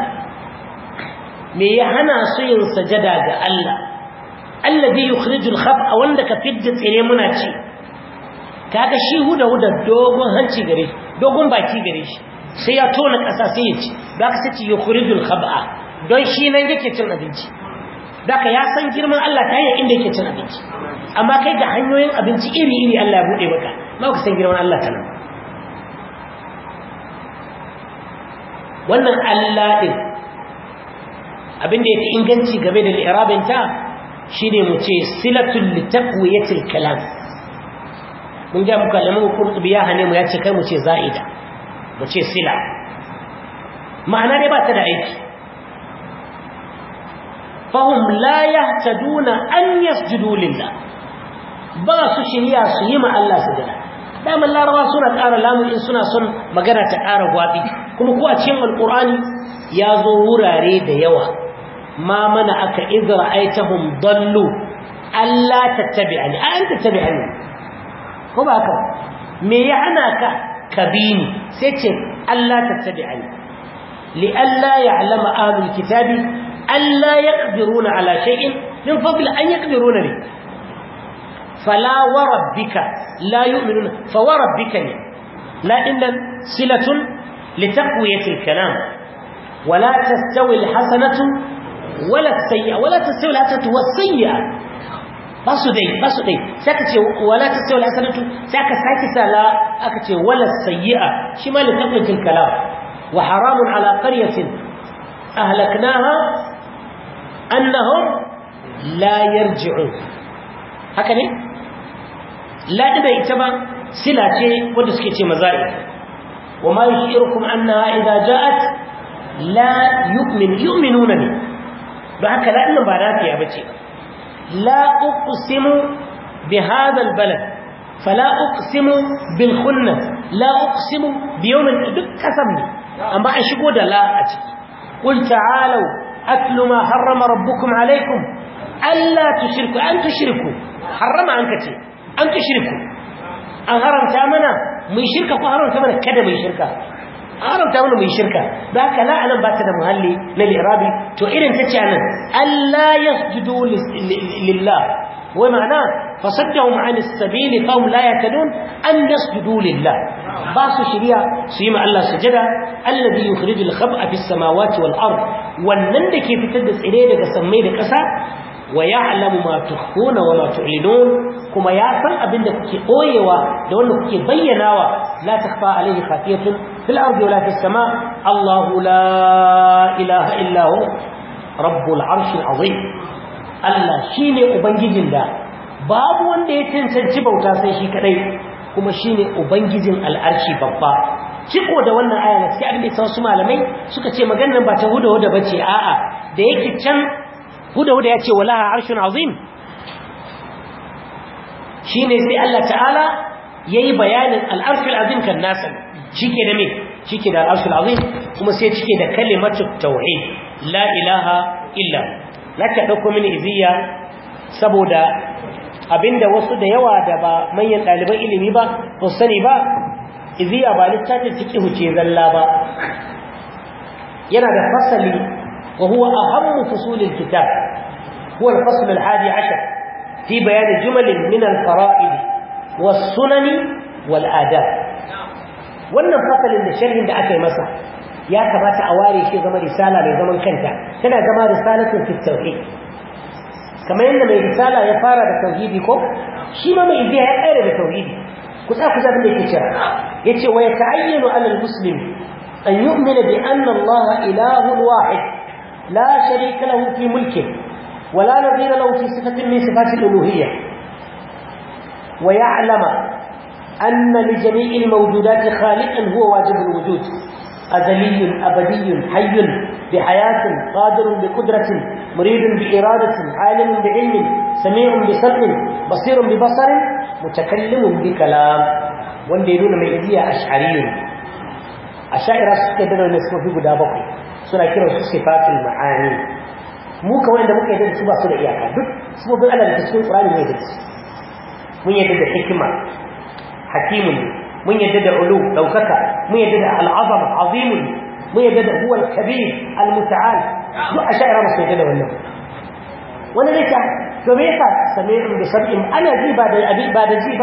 me ya hana su yin sajada ga Allah alladhi yukhrijul khab'a wanda ka fidda tsire muna ci kaga shi huda huda dogon hanci gare shi dogon baki gare shi sai ya tona ƙasa sai ya ci ba ka sace khuridul khab'a don shi nan yake cin abinci da ka ya san girman Allah ta hanyar inda yake cin abinci amma kai ga hanyoyin abinci iri iri Allah ya bude maka ba ka san girman Allah ta nan wannan Allah din abin da yake inganci game da li'irabin shine mu ce silatul litaqwiyatil kalam mun ga muka lamu ya hane mu ya ce kai mu ce za'ida mu ce sila ma'ana dai ba ta da aiki fahum la yahtaduna an yasjudu lillah ba su shiriya su yi ma Allah sujada daman larawa suna ƙara lamun in suna son magana ta ƙara gwabi kuma ko a cikin alƙur'ani ya zo wurare da yawa ma mana aka izra aitahum dallu Allah tattabi'ani an tattabi'ani ko ba haka me ya hana ka kabini sai ce Allah tattabi'ani li ya ya'lama ahlul kitabi alla yaqdiruna ala shay'in min fadl an yaqdiruna bi fala wa rabbika la yu'minuna fa wa rabbika la inna silatun litaqwiyati al-kalam ولا تستوي الحسنة ولا السيئة ولا تستوي الحسنة والسيئة ba su dai ba su dai sai ka ce wala ta sai wala sanatu sai ka saki sala aka ce wala sayyi'a shi ma litafin kalam wa haramun ala qaryatin ahlaknaha annahum la yarji'un haka ne la da ita ba sila ce wanda suke ce mazari وما يشعركم أنها إذا جاءت لا يؤمن يؤمنون به بهكذا إنه باراتي أبتي لا أقسم بهذا البلد فلا أقسم بالخنة لا أقسم بيوم الدك قسمني أما أشكو لا أتي قل تعالوا أكل ما حرم ربكم عليكم ألا تشركوا أن تشركوا حرم عنك تي أن تشركوا أن حرمت امنا من شركة وهرم امنا كده من شركة haramta mana mu yi shirka ba haka la anan ba ta da muhalli na lirabi to irin ta ce nan, Allah yasjudu lillah wai ma'ana fasaddahum an as-sabili fa hum la yahtadun an yasjudu lillah ba su shiriya su yi ma Allah sujada alladhi yukhrijul khab'a fis samawati wal ard wannan da ke fitar da tsire daga sammai da ƙasa wa ya'lamu ma tukhuna wa ma kuma ya san abin da kuke ɓoyewa da wanda kuke bayyanawa la takhfa alayhi khafiyatun في الأرض ولا في السماء الله لا إله إلا هو رب العرش العظيم الله شيني أبنجزن دا باب وان دي تنسنسي كما شيني الأرش بابا da wannan aya na sai abin da su malamai suka ce maganar ba ta huda huda bace a'a da yake can huda huda yace walaha arshun azim shine sai Allah ta'ala yayi bayanin al-arshul azim kan nasan Cike da me Cike da arshul azim kuma sai cike da kalimatu tauhid la ilaha illa laka dauko mini iziya saboda abinda wasu da yawa da ba manyan ɗaliban ilimi ba ba sani ba iziya ba littafin fiqhu huce zalla ba yana da fasali wa huwa ahammu fusulil kitab huwa al-fasl al-hadi fi bayan jumal min al-fara'id wal'ada. wannan fasalin da sharhin da aka yi masa ya kamata a ware shi zama risala mai zaman kanta tana zama risalatin fi tauhid kamar yadda mai risala ya fara da tauhidi ko shi ma mai biya ya tsaya da tauhidi ku tsaya ku zaɓi da yake cewa yace wa yata'ayyanu 'ala al-muslim an yu'mina bi anna Allah ilahun wahid la sharika lahu fi mulki wala la nadira lahu fi sifatin min sifati al-uluhiyyah wa ya'lama أن لجميع الموجودات خالقا هو واجب الوجود أزلي أبدي حي بحياة قادر بقدرة مريد بإرادة عالم بعلم سميع بسمع بصير ببصر متكلم بكلام wanda ya nuna mai idiya a sha'ari ne a sha'ira su suke dana wani sumafi guda bakwai suna su mu kawai yadda muka yadda su ba su da iyaka duk sumafin allah da ta cikin ƙurani mai da su mun yadda da hikima حكيم من يجد علو دوكك من يجد العظم عظيم من يجد هو الكبير المتعال أشعر أشائر ما سيجد والله وانا ليس كميسا سميع بسبئ أنا جي بعد أبي بعد جي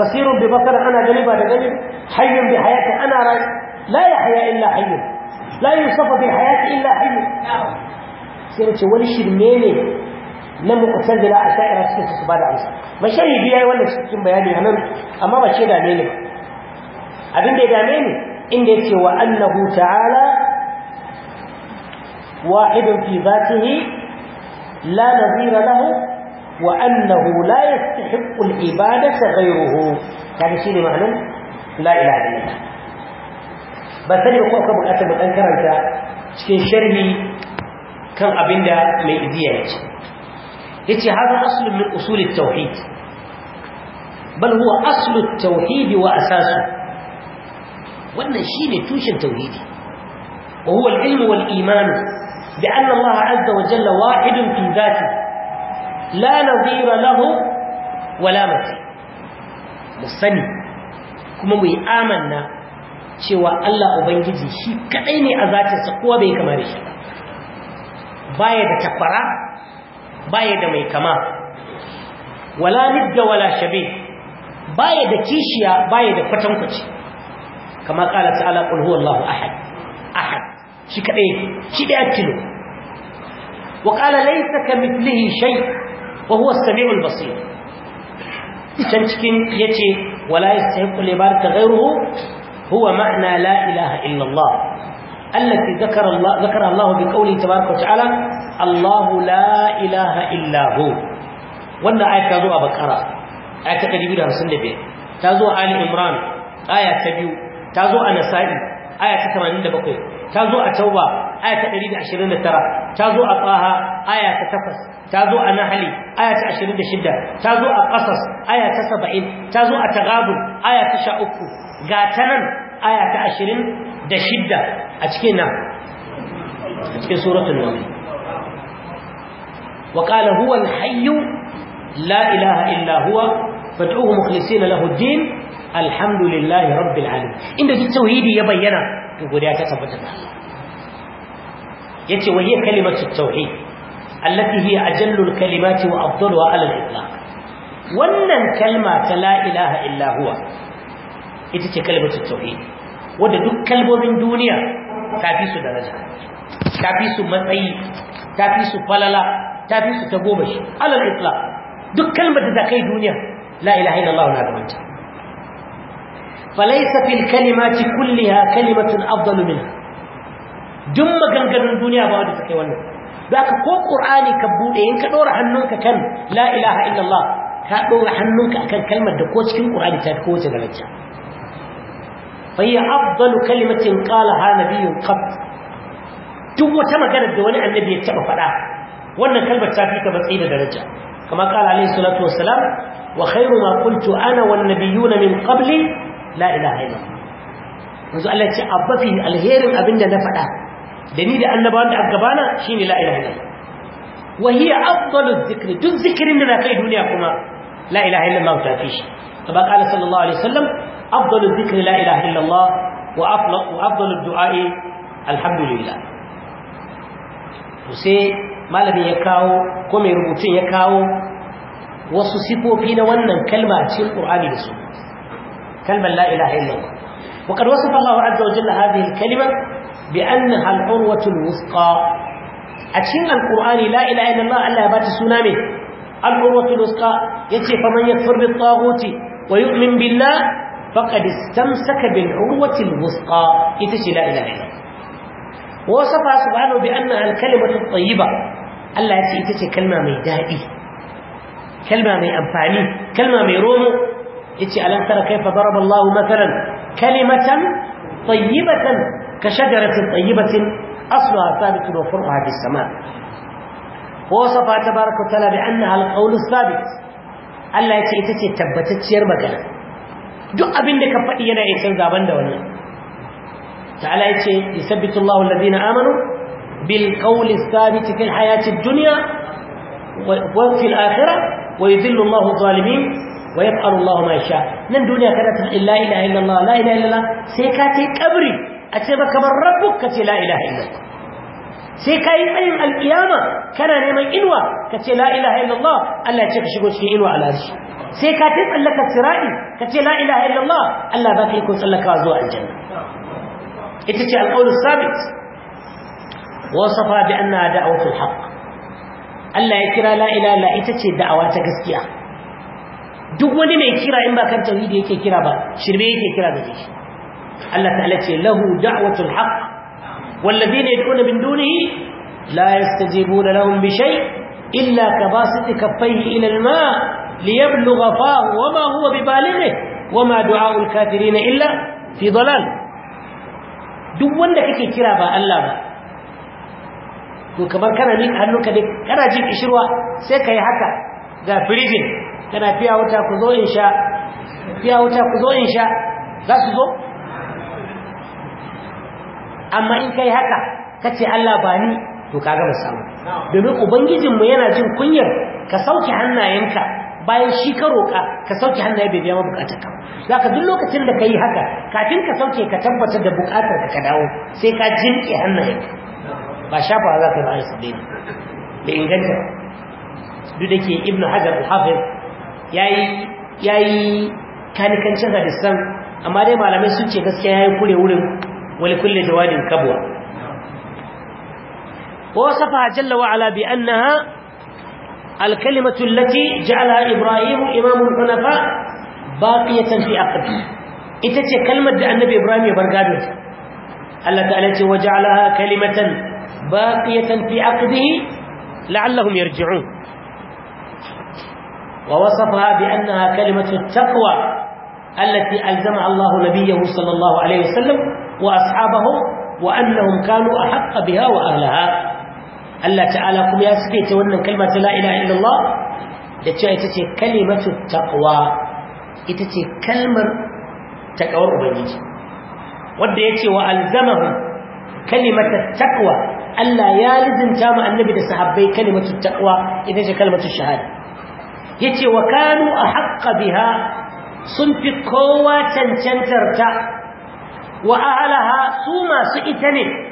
بصير ببصر أنا جلي بعد جلي حي بحياة أنا رأي لا يحيا إلا حي لا يصف بحياة إلا حي نعم. سيرتي ولي شرميني na mu'tazila a sha'ira suke su ba da amsa mashari biya wannan cikin bayani anan amma ba ce dame ne abin da ya dame ne inda yace wa annahu ta'ala wahidun fi zatihi la nazira lahu wa annahu la yastahiqqu al-ibadata ghayruhu kaga shine ma'anar la ilaha illallah ba sani ko ka bukatar mu dan karanta cikin sharhi kan abinda mai idiya yake yace hada aslun min usul at-tauhid bal huwa aslu at-tauhid wa asasu wannan shine tushen tauhidi wa huwa al-ilm wal iman bi anna Allah azza wa jalla wahidun fi dhati la nadhira lahu wala mathil musani kuma mu amana amanna cewa Allah Ubangiji shi kadai ne a zatinsa kowa bai kama shi baya da takwara baya da mai kama wala nidda wala shabe baya da kishiya baya da kwatankwaci kama kala ta'ala qul huwallahu ahad ahad shi kadai shi da kilo wa qala laysa kamithlihi shay wa huwa as-sami'ul basir can cikin yace wala yastahiqu li barka ghayruhu huwa ma'na la ilaha illa Allah التي ذكر الله ذكر الله بقوله تبارك وتعالى الله لا إله إلا هو وأن آية تازو أبكرة آية تقريبا رسل نبي تازو آل إمران آية تبيو تازو أنسائي آية تتمانين دبقوي تازو أتوبة آية تقريبا عشرين ترى تازو أطاها آية تتفس تازو أنحلي آية عشرين شدة تازو أقصص آية تسبعين تازو أتغابن آية تشاؤكو قاتنا آية عشرين da shidda a cikin nan a cikin suratul nahl wa qala huwa al-hayy la ilaha illa huwa fad'uhu mukhlisina lahu ad-din alhamdulillahi rabbil alamin inda duk tauhidi ya bayyana to godiya ta tabbata ga Allah yace wa hiya kalimatu tauhid allati hiya ajallu al-kalimati wa afdaluha ala al-itlaq wannan kalma ta la ilaha illa huwa ita ce kalimatu tauhid wadda duk kalmomin duniya ta fi su daraja ta fi su matsayi ta fi su falala ta fi su ta goma shi alal islam duk kalmar da ta kai duniya la ilaha illallah na gabanta falaisa fil kalimati kulliha kalimatun afdalu minha duniya ba wanda ta kai wannan da ka ko qur'ani ka buɗe, in ka dora hannunka kan la ilaha illallah ka dora hannunka akan kalmar da ko cikin qur'ani ta ko wace فهي أفضل كلمة قالها نبي قط duk wata magana da wani annabi ya taba faɗa wannan kalmar ta fika matsayi da daraja kama kala alayhi salatu wassalam wa khairu ma qultu ana wan nabiyuna min qabli la ilaha illa yanzu Allah ya ce abba fi alherin abinda na faɗa da ni da annabawan da aka gabana shine la ilaha illa wa hiya afdalu dhikri duk zikirin da na kai duniya kuma la ilaha illa Allah ta fi shi kama kala sallallahu alaihi wasallam afdalu dhikri la ilaha illallah wa afdalu du'a'i alhamdulillah to sai malamin ya kawo ko mai rubutun ya kawo wasu sifofi na wannan kalma cikin qur'ani da su kalmar la ilaha illallah wa qad wasafa Allahu azza wa jalla hadhihi al-kalima bi annaha al-urwatu al-wusqa a cikin al-qur'ani la ilaha illallah Allah ya bata suna mai al-urwatu al-wusqa yace faman yakfur bi-taghuti wa min billah فقد استمسك بالعروة الوثقى يتشي لا إله إلا ووصفها سبحانه بأنها الكلمة الطيبة ألا يتشي كلمة ميدائي كلمة مي أنفعني كلمة مي رومو يتشي ألم ترى كيف ضرب الله مثلا كلمة طيبة كشجرة طيبة أصلها ثابت وفرعها في السماء ووصفها تبارك وتعالى بأنها القول الثابت ألا يتشي تبتت شير مجالا duk abin da ka faɗi yana isan canza da wannan ta'ala ya ce yusabbitu Allahu amanu bil qawli thabit fil hayati ad-dunya wa fil akhirah wa yudhillu Allahu zalimin wa Allahu ma sha. nan duniya kada ta la ilaha illallah la ilaha illallah sai ka ce kabri a ce baka bar rabbuka ce la illallah sai ka yi tsayin alkiyama kana neman inuwa ka ce la ilaha illallah Allah ya ce ka shigo cikin inuwa al'arshi sai ka ta tsallaka sira'i ka ce la ilaha illallah Allah ba ka yi iko tsallakawa zuwa aljanna ita ce alƙawlu sabit wasafa bi anna da'watul haqq Allah ya kira la ilaha illa ita ce da'awa ta gaskiya duk wani mai kira in ba kan tauhidi yake kira ba shirme yake kira da shi Allah ta'ala ce lahu da'watul haqq walladhina yad'una min dunihi la yastajibuna lahum bi shay' إلا كباسط كفيه إلى الماء ليبلغ فاه وما هو ببالغه وما دعاء الكافرين إلا في ضلال duk wanda kake kira ba Allah ba to kamar kana ni hannunka dai kana jin kishirwa sai kai haka ga prison kana fiya wuta ku zo insha fiya wuta ku zo insha za su zo amma in kai haka kace Allah ba ni to kaga ba samu domin ubangijinmu yana jin kunyar ka sauke hannayenka bayan shi ka roƙa ka sauke hannaye bai biya ma buƙatar ka ka duk lokacin da ka yi haka kafin ka sauke ka tabbatar da buƙatar ka ka dawo sai ka jinke hannaye ba shafa za ka yi ba a da inganta duk da ke ibnu hajar al-hafiz ya yi kanikancin hadisan amma dai malamai sun ce gaskiya yi kure wurin wani kulle jawadin kabuwa. wa jalla bi annaha الكلمة التي جعلها إبراهيم إمام الحنفاء باقية في عقبه إتتي كلمة النبي إبراهيم يبرقاده الله تعالى وجعلها كلمة باقية في عقده لعلهم يرجعون ووصفها بأنها كلمة التقوى التي ألزمها الله نبيه صلى الله عليه وسلم وأصحابه وأنهم كانوا أحق بها وأهلها Allah ta'ala kuma ya suke ta wannan kalma ta la illallah da cewa ita ce kalimatu taqwa ita ce kalmar takawar ubangiji wanda yace wa alzamahu kalimatu taqwa Allah ya lizinta mu annabi da sahabbai kalimatu taqwa ita ce kalmatu shahada yace wa kanu ahqqa biha sun fi kowa cancantar ta wa ahalaha su masu ita ne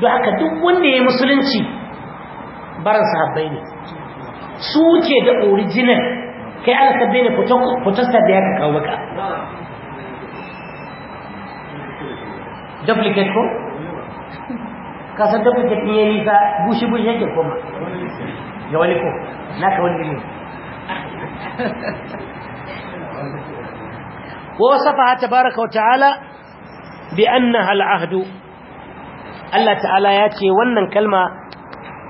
don haka duk wanda ya musulunci baran sahabbai ne su ce da original kai aka sabbai ne fotosta da ya ka kawo baka duplicate ko kasar duplicate ne ya nisa gushi-gushi yake koma ga wani ko na ka wani ne ووصفها تبارك وتعالى بأنها العهد Allah ta'ala ya ce wannan kalma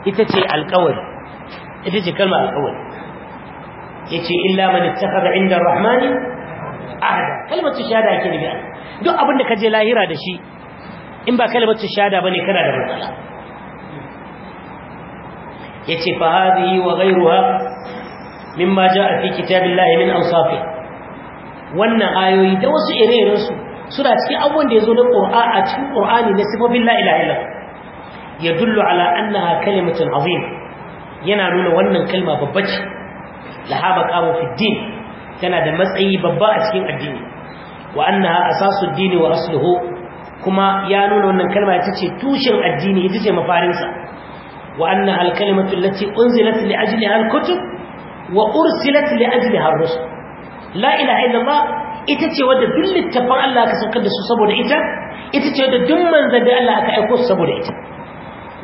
ita ce alƙawari ita ce kalma alƙawari ce illa man ittakhadha 'inda ar-rahman ahda kalmatu shahada ke ne duk abin da je lahira da shi in ba kalmatu shahada bane kana da matsala ce fa hadhihi wa ghayruha mimma jaa fi kitabillahi min awsafi wannan ayoyi da wasu ire-irensu suna cikin abubuwan da ya zo na ƙura a cikin ƙur'ani na sifofin la ya dullu ala annaha kalimatun azim yana nuna wannan kalma babba ce laha maqamu tana da matsayi babba a cikin addini wa annaha asasu ad wa asluhu kuma ya nuna wannan kalma ita ce tushen addini ita ce mafarinsa wa annaha al-kalimatu unzilat li ajliha al-kutub wa ursilat li ajliha ar-rusul la ilaha illallah ita ce wadda duk littafin Allah aka saukar da su saboda ita ita ce wadda duk manzan da Allah aka aiko su saboda ita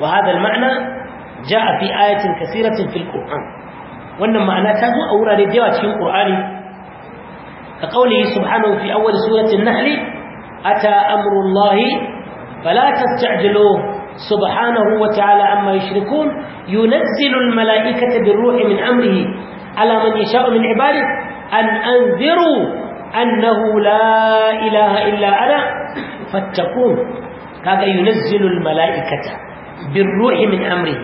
wa hada ma'ana ja a fi ayatin kaseeratin fil qur'an wannan ma'ana ta zo a wurare da yawa cikin qur'ani ka qawli subhanahu fi awwal surati an-nahl ata amru Allah fala tasta'jiluhu amma وتعالى عما يشركون ينزل الملائكة بالروح من أمره على من يشاء min عباده an anziru. annahu la ilaha illa ana fattakun kaga yunazzilul mala'ikata bin ruhi min amri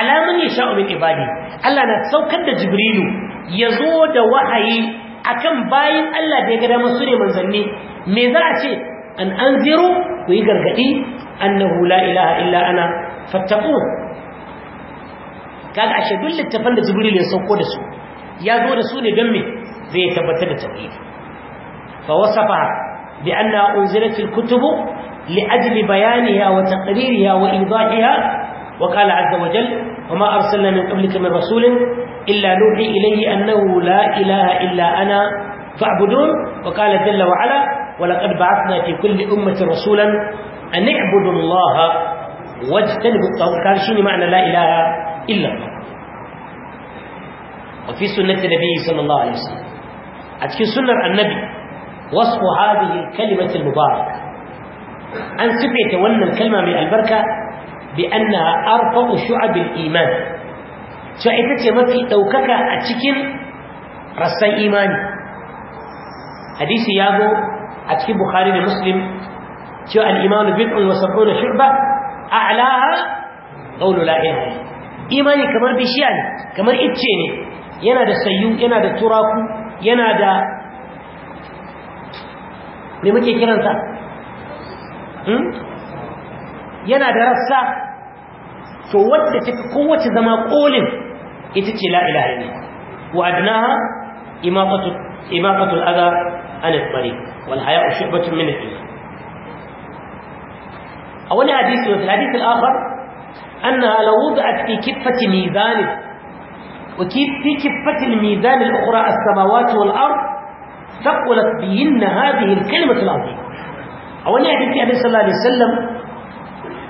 alamun ya sha'u ibadi Allah na saukar da jibrilu ya zo da wahayi akan bayan Allah da ya gada masu ne manzanni me za a ce an anziru ku yi gargaɗi annahu la ilaha illa ana fattakun kaga ashe duk littafan da jibrilu ya sauko da su ya zo da su ne don me zai tabbatar da tauhidi فوصفها بأنها أنزلت الكتب لأجل بيانها وتقريرها وإيضاحها وقال عز وجل وما أرسلنا من قبلك من رسول إلا نوحي إليه أنه لا إله إلا أنا فاعبدون وقال جل وعلا ولقد بعثنا في كل أمة رسولا أن اعبدوا الله واجتنبوا الطاغوت قال شنو معنى لا إله إلا الله وفي سنة النبي صلى الله عليه وسلم أتكي سنة النبي وصف هذه الكلمة المباركة أن سبعت ون الكلمة من البركة بأنها أرفع شعب الإيمان شعبت ما في توكك أتكن رسي إيماني حديث يابو أتكن بخاري ومسلم شاء الإيمان بدع وسبعون شعبة أعلاها قول لا إله إلا إيماني كمر بشياني كمر إتشيني yana da sayu yana da turaku yana da me muke kiran sa hmm yana da rassa to wadda tafi kowace zama kolin ita ce la ilaha illallah wa adnaha imaqatu imaqatu al-adha al-tariq wal haya'u shu'batun min al-iman أول حديث وفي الحديث الآخر أنها لو وضعت في كفة ميزان mizan al-ukhra as-samawati wal-ard ثقلت بهن هذه الكلمة العظيمة أولا يحدث النبي صلى الله عليه وسلم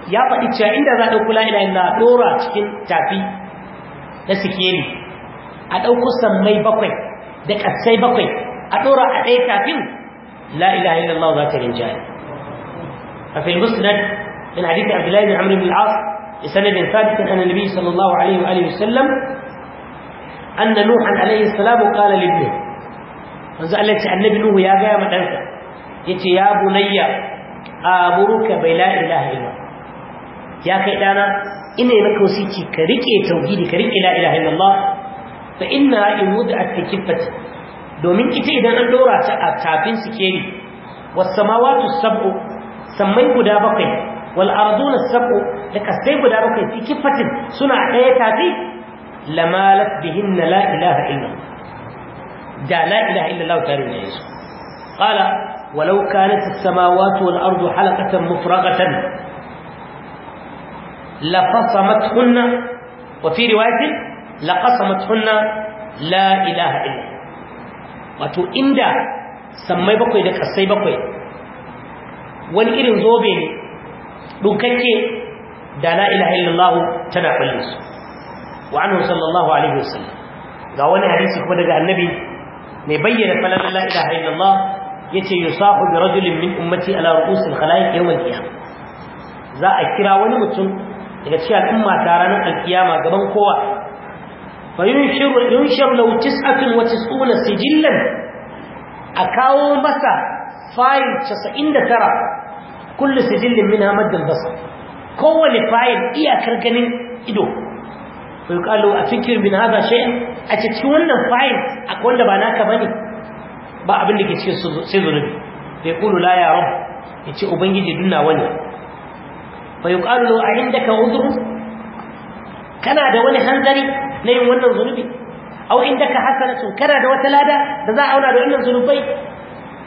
ya faɗi cewa inda za a ɗauko la'ila yana ɗora cikin tafi na sikeri a ɗauko sammai bakwai da ƙasai bakwai a ɗora a ɗaya tafin la'ila yana Allah za ta rinjaye a fi musnad in hadithi abdullahi bin amrin bin as da sanadin sabitin an annabi sallallahu alaihi wa alihi wasallam anna nuhan alaihi salamu manzo Allah ce annabi Nuhu ya gaya ma ɗansa yace ya bunayya aburuka bai la ilaha illa ya kai dana ina yi maka wasiki ka rike tauhidi ka rike la ilaha illallah fa inna in wud'at fi kiffati domin ita idan an dora ta a tafin sikeri was samawati sab'u sammai guda bakwai wal arduna sab'u da kasai guda bakwai fi kiffatin suna ɗaya tafi lamalat bihinna la ilaha illallah da la ilaha illallah ta rune shi qala walau kanat as-samawati wal ardu halaqatan mufraqatan la fasamathunna wa fi riwayatin la qasamathunna la ilaha illallah wato inda sammai bakwai da kasai bakwai wani irin zobe ne dukkanke da la ilaha illallah tana bayyana su wa anhu sallallahu alaihi wasallam ga wani hadisi kuma daga annabi mai bayyana falalar la ilaha illallah yace yusahu bi rajulin min umarci ala ru'usil khalaiq yawm al za a kira wani mutum daga cikin al'umma ta ranar alkiyama gaban kowa fa yunshiru yunshiru law tis'atun wa tis'una sijillan a kawo masa fayil 99 kullu sijillin minha maddal basa. kowane fayil iyakar ganin ido fa a cikin bin hadha shay'an a cikin wannan fayil akwai wanda ba naka bane ba abin da ke cikin sai zunubi bai kulu la ya rabb yace ubangiji dunna wani fa yuqalu a indaka udhru kana da wani hanzari na yin wannan zunubi aw indaka hasanatu kana da wata lada da za a auna da wannan zunubai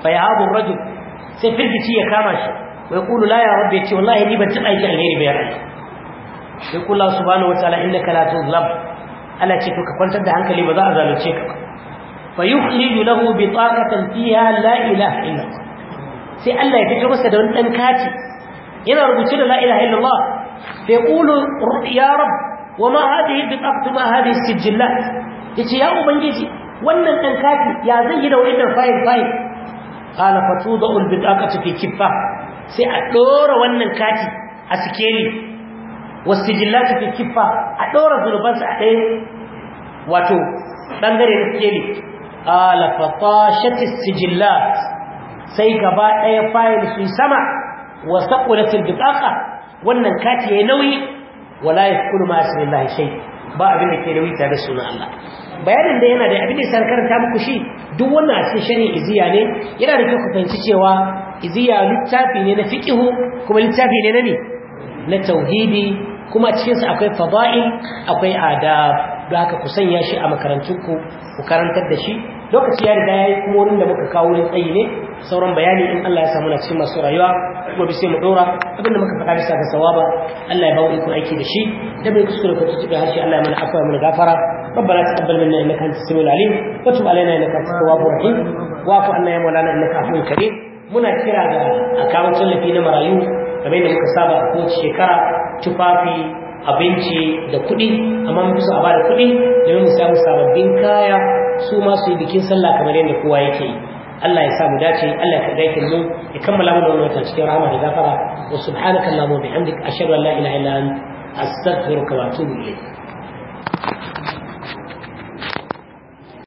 fa yahabu rajul sai firgici ya kama shi wa yaqulu la ya rabb ce wallahi ni ban taba yi alheri ba ya Allah sai kula subhanahu wa ta'ala innaka la tuzlam Allah ce to ka kwantar da hankali ba za a zalunce ka fa yukhriju lahu bitaqatan fiha la ilaha illa sai Allah ya fito masa da wani dan kati yana rubuce da la ilaha illa Allah fa yaqulu ya rab wama hadhihi bitaqatu ma hadhihi sijillat yace ya ubangiji wannan dan kati ya zai yi da wannan fayil fayil qala fatudu al bitaqatu fi kiffa sai a dora wannan kati a sikeli wasu jillati fi kiffa a ɗora sa a ɗaya wato ɓangare na skeli alafata shatis sijillat sai gaba ɗaya fayil sun sama wa saƙulatin duƙaƙa wannan kati ya nauyi wala ya ma asirin lahi ba abin da ke nauyi tare sunan Allah bayanin da yana da abin da ya ta muku shi duk wannan a cikin shari'a iziya ne yana da kyau ku fahimci cewa iziya littafi ne na fiƙihu kuma littafi ne na ne na tauhidi kuma cikinsu akwai fada'il akwai adab da haka ku sanya shi a makarantunku ku karantar da shi lokaci ya riga yi kuma wurin da muka kawo wurin tsayi ne sauran bayani in Allah ya samu na cikin masu rayuwa kuma bi sai mu dora abin da muka faɗa bisa ga sawaba Allah ya bawo iko aiki da shi da bai kuskure ku tuka harshe Allah ya mana afwa mana gafara ربنا تقبل منا انك انت السميع العليم وتب علينا انك انت التواب الرحيم واعف عنا يا مولانا انك عفو كريم muna kira ga akawun tallafi na marayu game da muka saba a kowace tufafi abinci da kuɗi amma mun su a bada kuɗi domin mu samu sababbin kaya su ma su yi bikin sallah kamar yadda kowa yake yi Allah ya samu dace Allah ya karɓi mu ya kammala da wannan watan cikin rahama da gafara wa subhanaka allahumma bihamdika ashhadu an la ilaha illa anta astaghfiruka wa atubu ilayk